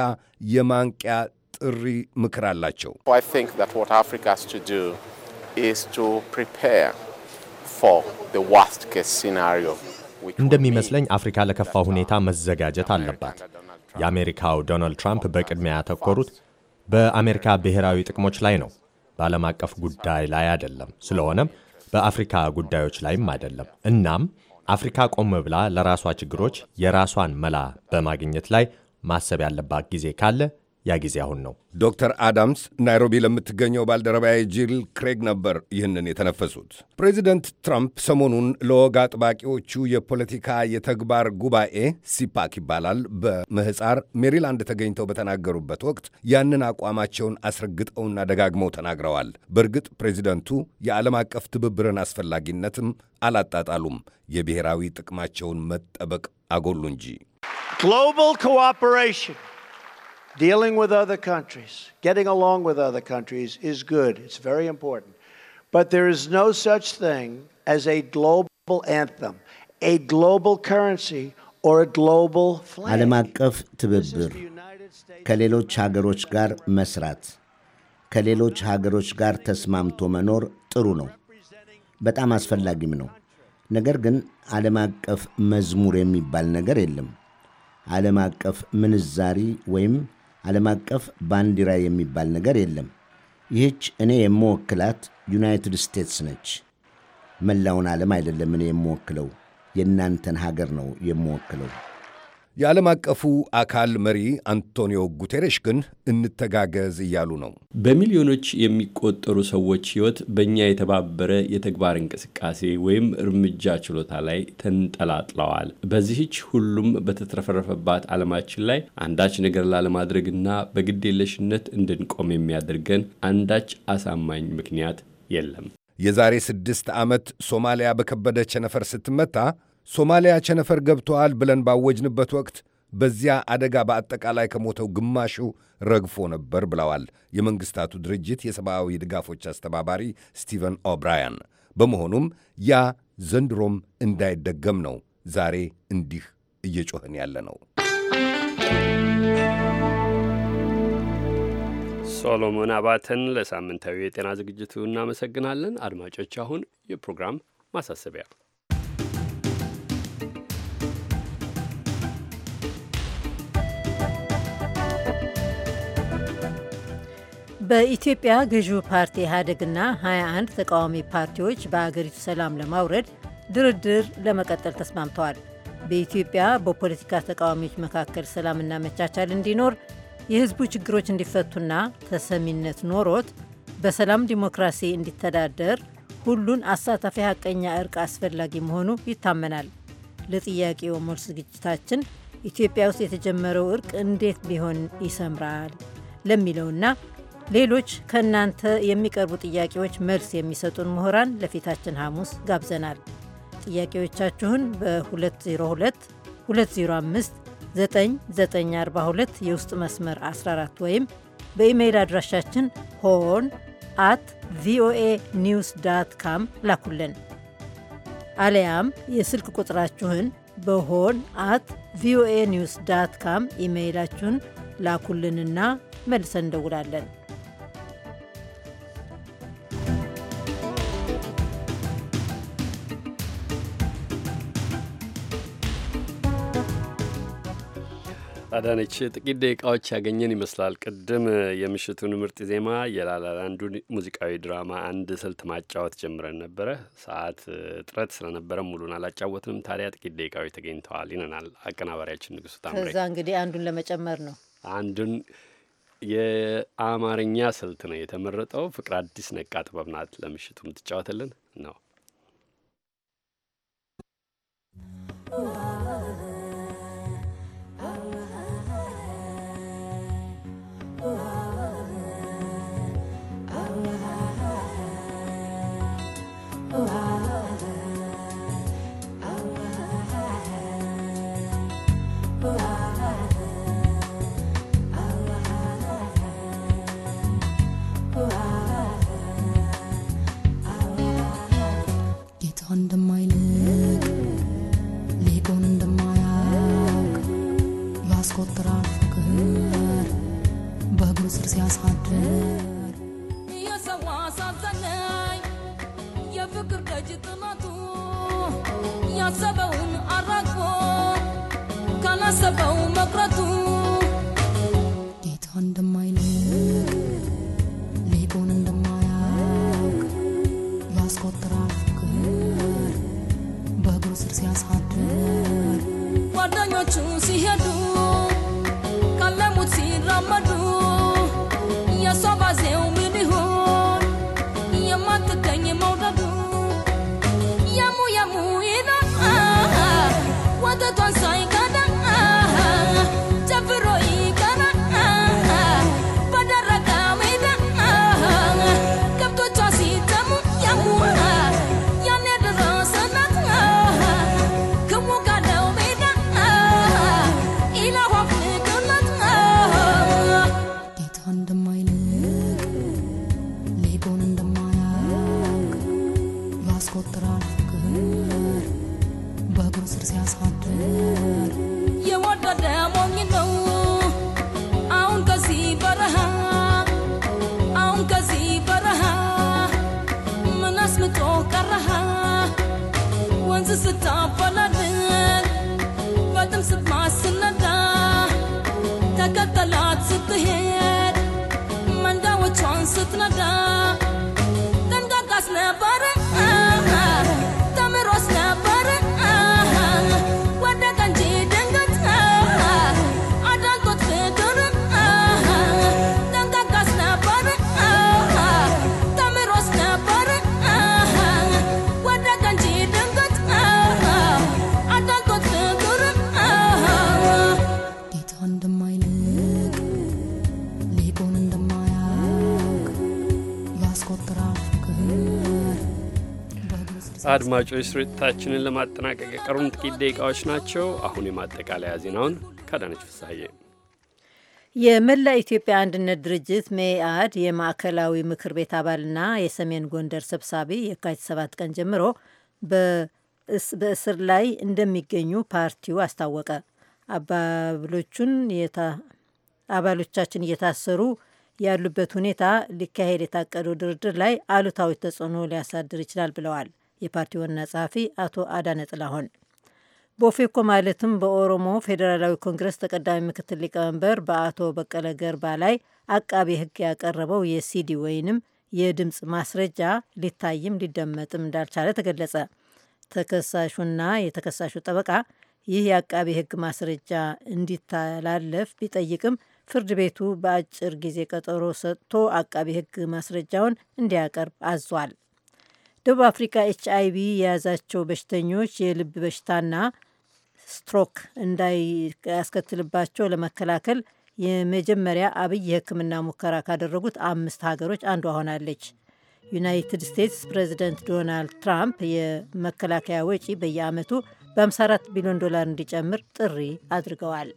Speaker 5: የማንቂያ ጥሪ ምክር አላቸው።
Speaker 6: እንደሚመስለኝ አፍሪካ ለከፋ ሁኔታ መዘጋጀት አለባት። የአሜሪካው ዶናልድ ትራምፕ በቅድሚያ ያተኮሩት በአሜሪካ ብሔራዊ ጥቅሞች ላይ ነው፣ በዓለም አቀፍ ጉዳይ ላይ አይደለም። ስለሆነም በአፍሪካ ጉዳዮች ላይም አይደለም። እናም አፍሪካ ቆም ብላ ለራሷ ችግሮች የራሷን መላ በማግኘት ላይ ማሰብ ያለባት ጊዜ ካለ ያ ጊዜ አሁን ነው።
Speaker 5: ዶክተር አዳምስ ናይሮቢ ለምትገኘው ባልደረባዬ ጂል ክሬግ ነበር ይህንን የተነፈሱት። ፕሬዚደንት ትራምፕ ሰሞኑን ለወግ አጥባቂዎቹ የፖለቲካ የተግባር ጉባኤ ሲፓክ ይባላል በምህፃር ሜሪላንድ ተገኝተው በተናገሩበት ወቅት ያንን አቋማቸውን አስረግጠውና ደጋግመው ተናግረዋል። በእርግጥ ፕሬዚደንቱ የዓለም አቀፍ ትብብርን አስፈላጊነትም አላጣጣሉም፣ የብሔራዊ ጥቅማቸውን መጠበቅ አጎሉ እንጂ ግሎባል ኮኦፐሬሽን Dealing
Speaker 14: with other countries, getting along with other countries is good. It's very important. But there is no such thing as a global anthem, a global currency, or a global flag. ዓለም አቀፍ ትብብር፣ ከሌሎች ሀገሮች ጋር መስራት፣ ከሌሎች ሀገሮች ጋር ተስማምቶ መኖር ጥሩ ነው፣ በጣም አስፈላጊም ነው። ነገር ግን ዓለም አቀፍ መዝሙር የሚባል ነገር የለም። ዓለም አቀፍ ምንዛሪ ወይም ዓለም አቀፍ ባንዲራ የሚባል ነገር የለም። ይህች እኔ የምወክላት ዩናይትድ ስቴትስ ነች። መላውን ዓለም አይደለም እኔ የምወክለው፣ የእናንተን ሀገር
Speaker 5: ነው የምወክለው። የዓለም አቀፉ አካል መሪ አንቶኒዮ ጉቴሬሽ ግን እንተጋገዝ እያሉ ነው። በሚሊዮኖች የሚቆጠሩ ሰዎች ሕይወት በእኛ
Speaker 1: የተባበረ የተግባር እንቅስቃሴ ወይም እርምጃ ችሎታ ላይ ተንጠላጥለዋል። በዚህች ሁሉም በተትረፈረፈባት ዓለማችን ላይ አንዳች ነገር ላለማድረግና
Speaker 5: በግዴለሽነት እንድንቆም የሚያደርገን አንዳች አሳማኝ ምክንያት የለም። የዛሬ ስድስት ዓመት ሶማሊያ በከበደ ቸነፈር ስትመታ ሶማሊያ ቸነፈር ገብተዋል ብለን ባወጅንበት ወቅት በዚያ አደጋ በአጠቃላይ ከሞተው ግማሹ ረግፎ ነበር ብለዋል የመንግሥታቱ ድርጅት የሰብአዊ ድጋፎች አስተባባሪ ስቲቨን ኦብራያን። በመሆኑም ያ ዘንድሮም እንዳይደገም ነው ዛሬ እንዲህ እየጮህን ያለ ነው።
Speaker 1: ሶሎሞን አባተን ለሳምንታዊ የጤና ዝግጅቱ እናመሰግናለን። አድማጮች፣ አሁን የፕሮግራም ማሳሰቢያ
Speaker 3: በኢትዮጵያ ገዢው ፓርቲ ኢህአዴግና 21 ተቃዋሚ ፓርቲዎች በአገሪቱ ሰላም ለማውረድ ድርድር ለመቀጠል ተስማምተዋል። በኢትዮጵያ በፖለቲካ ተቃዋሚዎች መካከል ሰላምና መቻቻል እንዲኖር፣ የህዝቡ ችግሮች እንዲፈቱና ተሰሚነት ኖሮት በሰላም ዲሞክራሲ እንዲተዳደር ሁሉን አሳታፊ ሀቀኛ እርቅ አስፈላጊ መሆኑ ይታመናል። ለጥያቄው መልስ ዝግጅታችን ኢትዮጵያ ውስጥ የተጀመረው እርቅ እንዴት ቢሆን ይሰምራል ለሚለውና ሌሎች ከእናንተ የሚቀርቡ ጥያቄዎች መልስ የሚሰጡን ምሁራን ለፊታችን ሐሙስ ጋብዘናል። ጥያቄዎቻችሁን በ202 205 9942 የውስጥ መስመር 14 ወይም በኢሜይል አድራሻችን ሆን አት ቪኦኤ ኒውስ ዳት ካም ላኩልን። አሊያም የስልክ ቁጥራችሁን በሆን አት ቪኦኤ ኒውስ ዳት ካም ኢሜይላችሁን ላኩልንና መልሰን እንደውላለን።
Speaker 1: አዳነች ጥቂት ደቂቃዎች ያገኘን ይመስላል። ቅድም የምሽቱን ምርጥ ዜማ የላላላንዱን ሙዚቃዊ ድራማ አንድ ስልት ማጫወት ጀምረን ነበረ። ሰዓት እጥረት ስለነበረ ሙሉን አላጫወትንም። ታዲያ ጥቂት ደቂቃዎች ተገኝተዋል ይነናል አቀናባሪያችን ንጉሱ ታምሬ። ከዛ
Speaker 3: እንግዲህ አንዱን ለመጨመር ነው።
Speaker 1: አንዱን የአማርኛ ስልት ነው የተመረጠው። ፍቅር አዲስ ነቃ ጥበብ ናት ለምሽቱ የምትጫወትልን ነው።
Speaker 10: እንደማይልቅ ሊቁን እንደማያውቅ ያስቆጥራል ፍቅር በእግሩ ስር ሲያሳድር የሰው አሳዘነኝ የፍቅር ደጅ ጥናቱ ያሰበውን አራግፎ ካላሰበው መቅረቱ ጌታ እንደማይልቅ ሊቁን እንደማያውቅ ያስቆጥራል ስር ሲያሳድር ጓደኞቹ ሲሄዱ
Speaker 1: አድማጮች ስርጭታችንን ለማጠናቀቅ የቀሩን ጥቂት ደቂቃዎች ናቸው። አሁን የማጠቃለያ ዜናውን ካዳነች ፍሳሐዬ።
Speaker 3: የመላ ኢትዮጵያ አንድነት ድርጅት መኢአድ የማዕከላዊ ምክር ቤት አባልና የሰሜን ጎንደር ሰብሳቢ የካቲት ሰባት ቀን ጀምሮ በእስር ላይ እንደሚገኙ ፓርቲው አስታወቀ። አባሎቹን አባሎቻችን እየታሰሩ ያሉበት ሁኔታ ሊካሄድ የታቀደው ድርድር ላይ አሉታዊ ተጽዕኖ ሊያሳድር ይችላል ብለዋል። የፓርቲው ዋና ጸሐፊ አቶ አዳነ ጥላሁን ቦፌኮ ማለትም በኦሮሞ ፌዴራላዊ ኮንግረስ ተቀዳሚ ምክትል ሊቀመንበር በአቶ በቀለ ገርባ ላይ አቃቤ ሕግ ያቀረበው የሲዲ ወይንም የድምፅ ማስረጃ ሊታይም ሊደመጥም እንዳልቻለ ተገለጸ። ተከሳሹና የተከሳሹ ጠበቃ ይህ የአቃቤ ሕግ ማስረጃ እንዲተላለፍ ቢጠይቅም ፍርድ ቤቱ በአጭር ጊዜ ቀጠሮ ሰጥቶ አቃቤ ሕግ ማስረጃውን እንዲያቀርብ አዟል። ደቡብ አፍሪካ ኤች አይ ቪ የያዛቸው በሽተኞች የልብ በሽታና ስትሮክ እንዳያስከትልባቸው ለመከላከል የመጀመሪያ አብይ የሕክምና ሙከራ ካደረጉት አምስት ሀገሮች አንዷ ሆናለች። ዩናይትድ ስቴትስ ፕሬዚደንት ዶናልድ ትራምፕ የመከላከያ ወጪ በየአመቱ በ54 ቢሊዮን ዶላር እንዲጨምር ጥሪ አድርገዋል።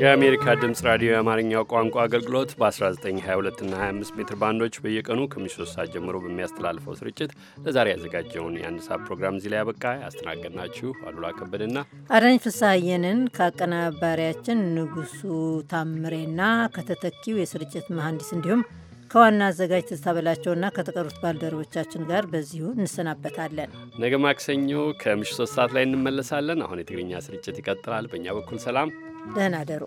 Speaker 1: የአሜሪካ ድምፅ ራዲዮ የአማርኛው ቋንቋ አገልግሎት በ1922 እና 25 ሜትር ባንዶች በየቀኑ ከምሽቱ ሶስት ሰዓት ጀምሮ በሚያስተላልፈው ስርጭት ለዛሬ ያዘጋጀውን የአንድ ሰዓት ፕሮግራም እዚህ ላይ ያበቃ። ያስተናገድናችሁ አሉላ ከበደና
Speaker 3: አዳኝ ፍስሐየንን ከአቀናባሪያችን ንጉሱ ታምሬና ከተተኪው የስርጭት መሐንዲስ እንዲሁም ከዋና አዘጋጅ ትዝታ ከተቀሩት ባልደረቦቻችን ጋር በዚሁ እንሰናበታለን።
Speaker 1: ነገ ማክሰኞ ከምሽቱ ሶስት ሰዓት ላይ እንመለሳለን። አሁን የትግርኛ ስርጭት ይቀጥላል። በእኛ በኩል ሰላም
Speaker 10: ደህና ደሩ።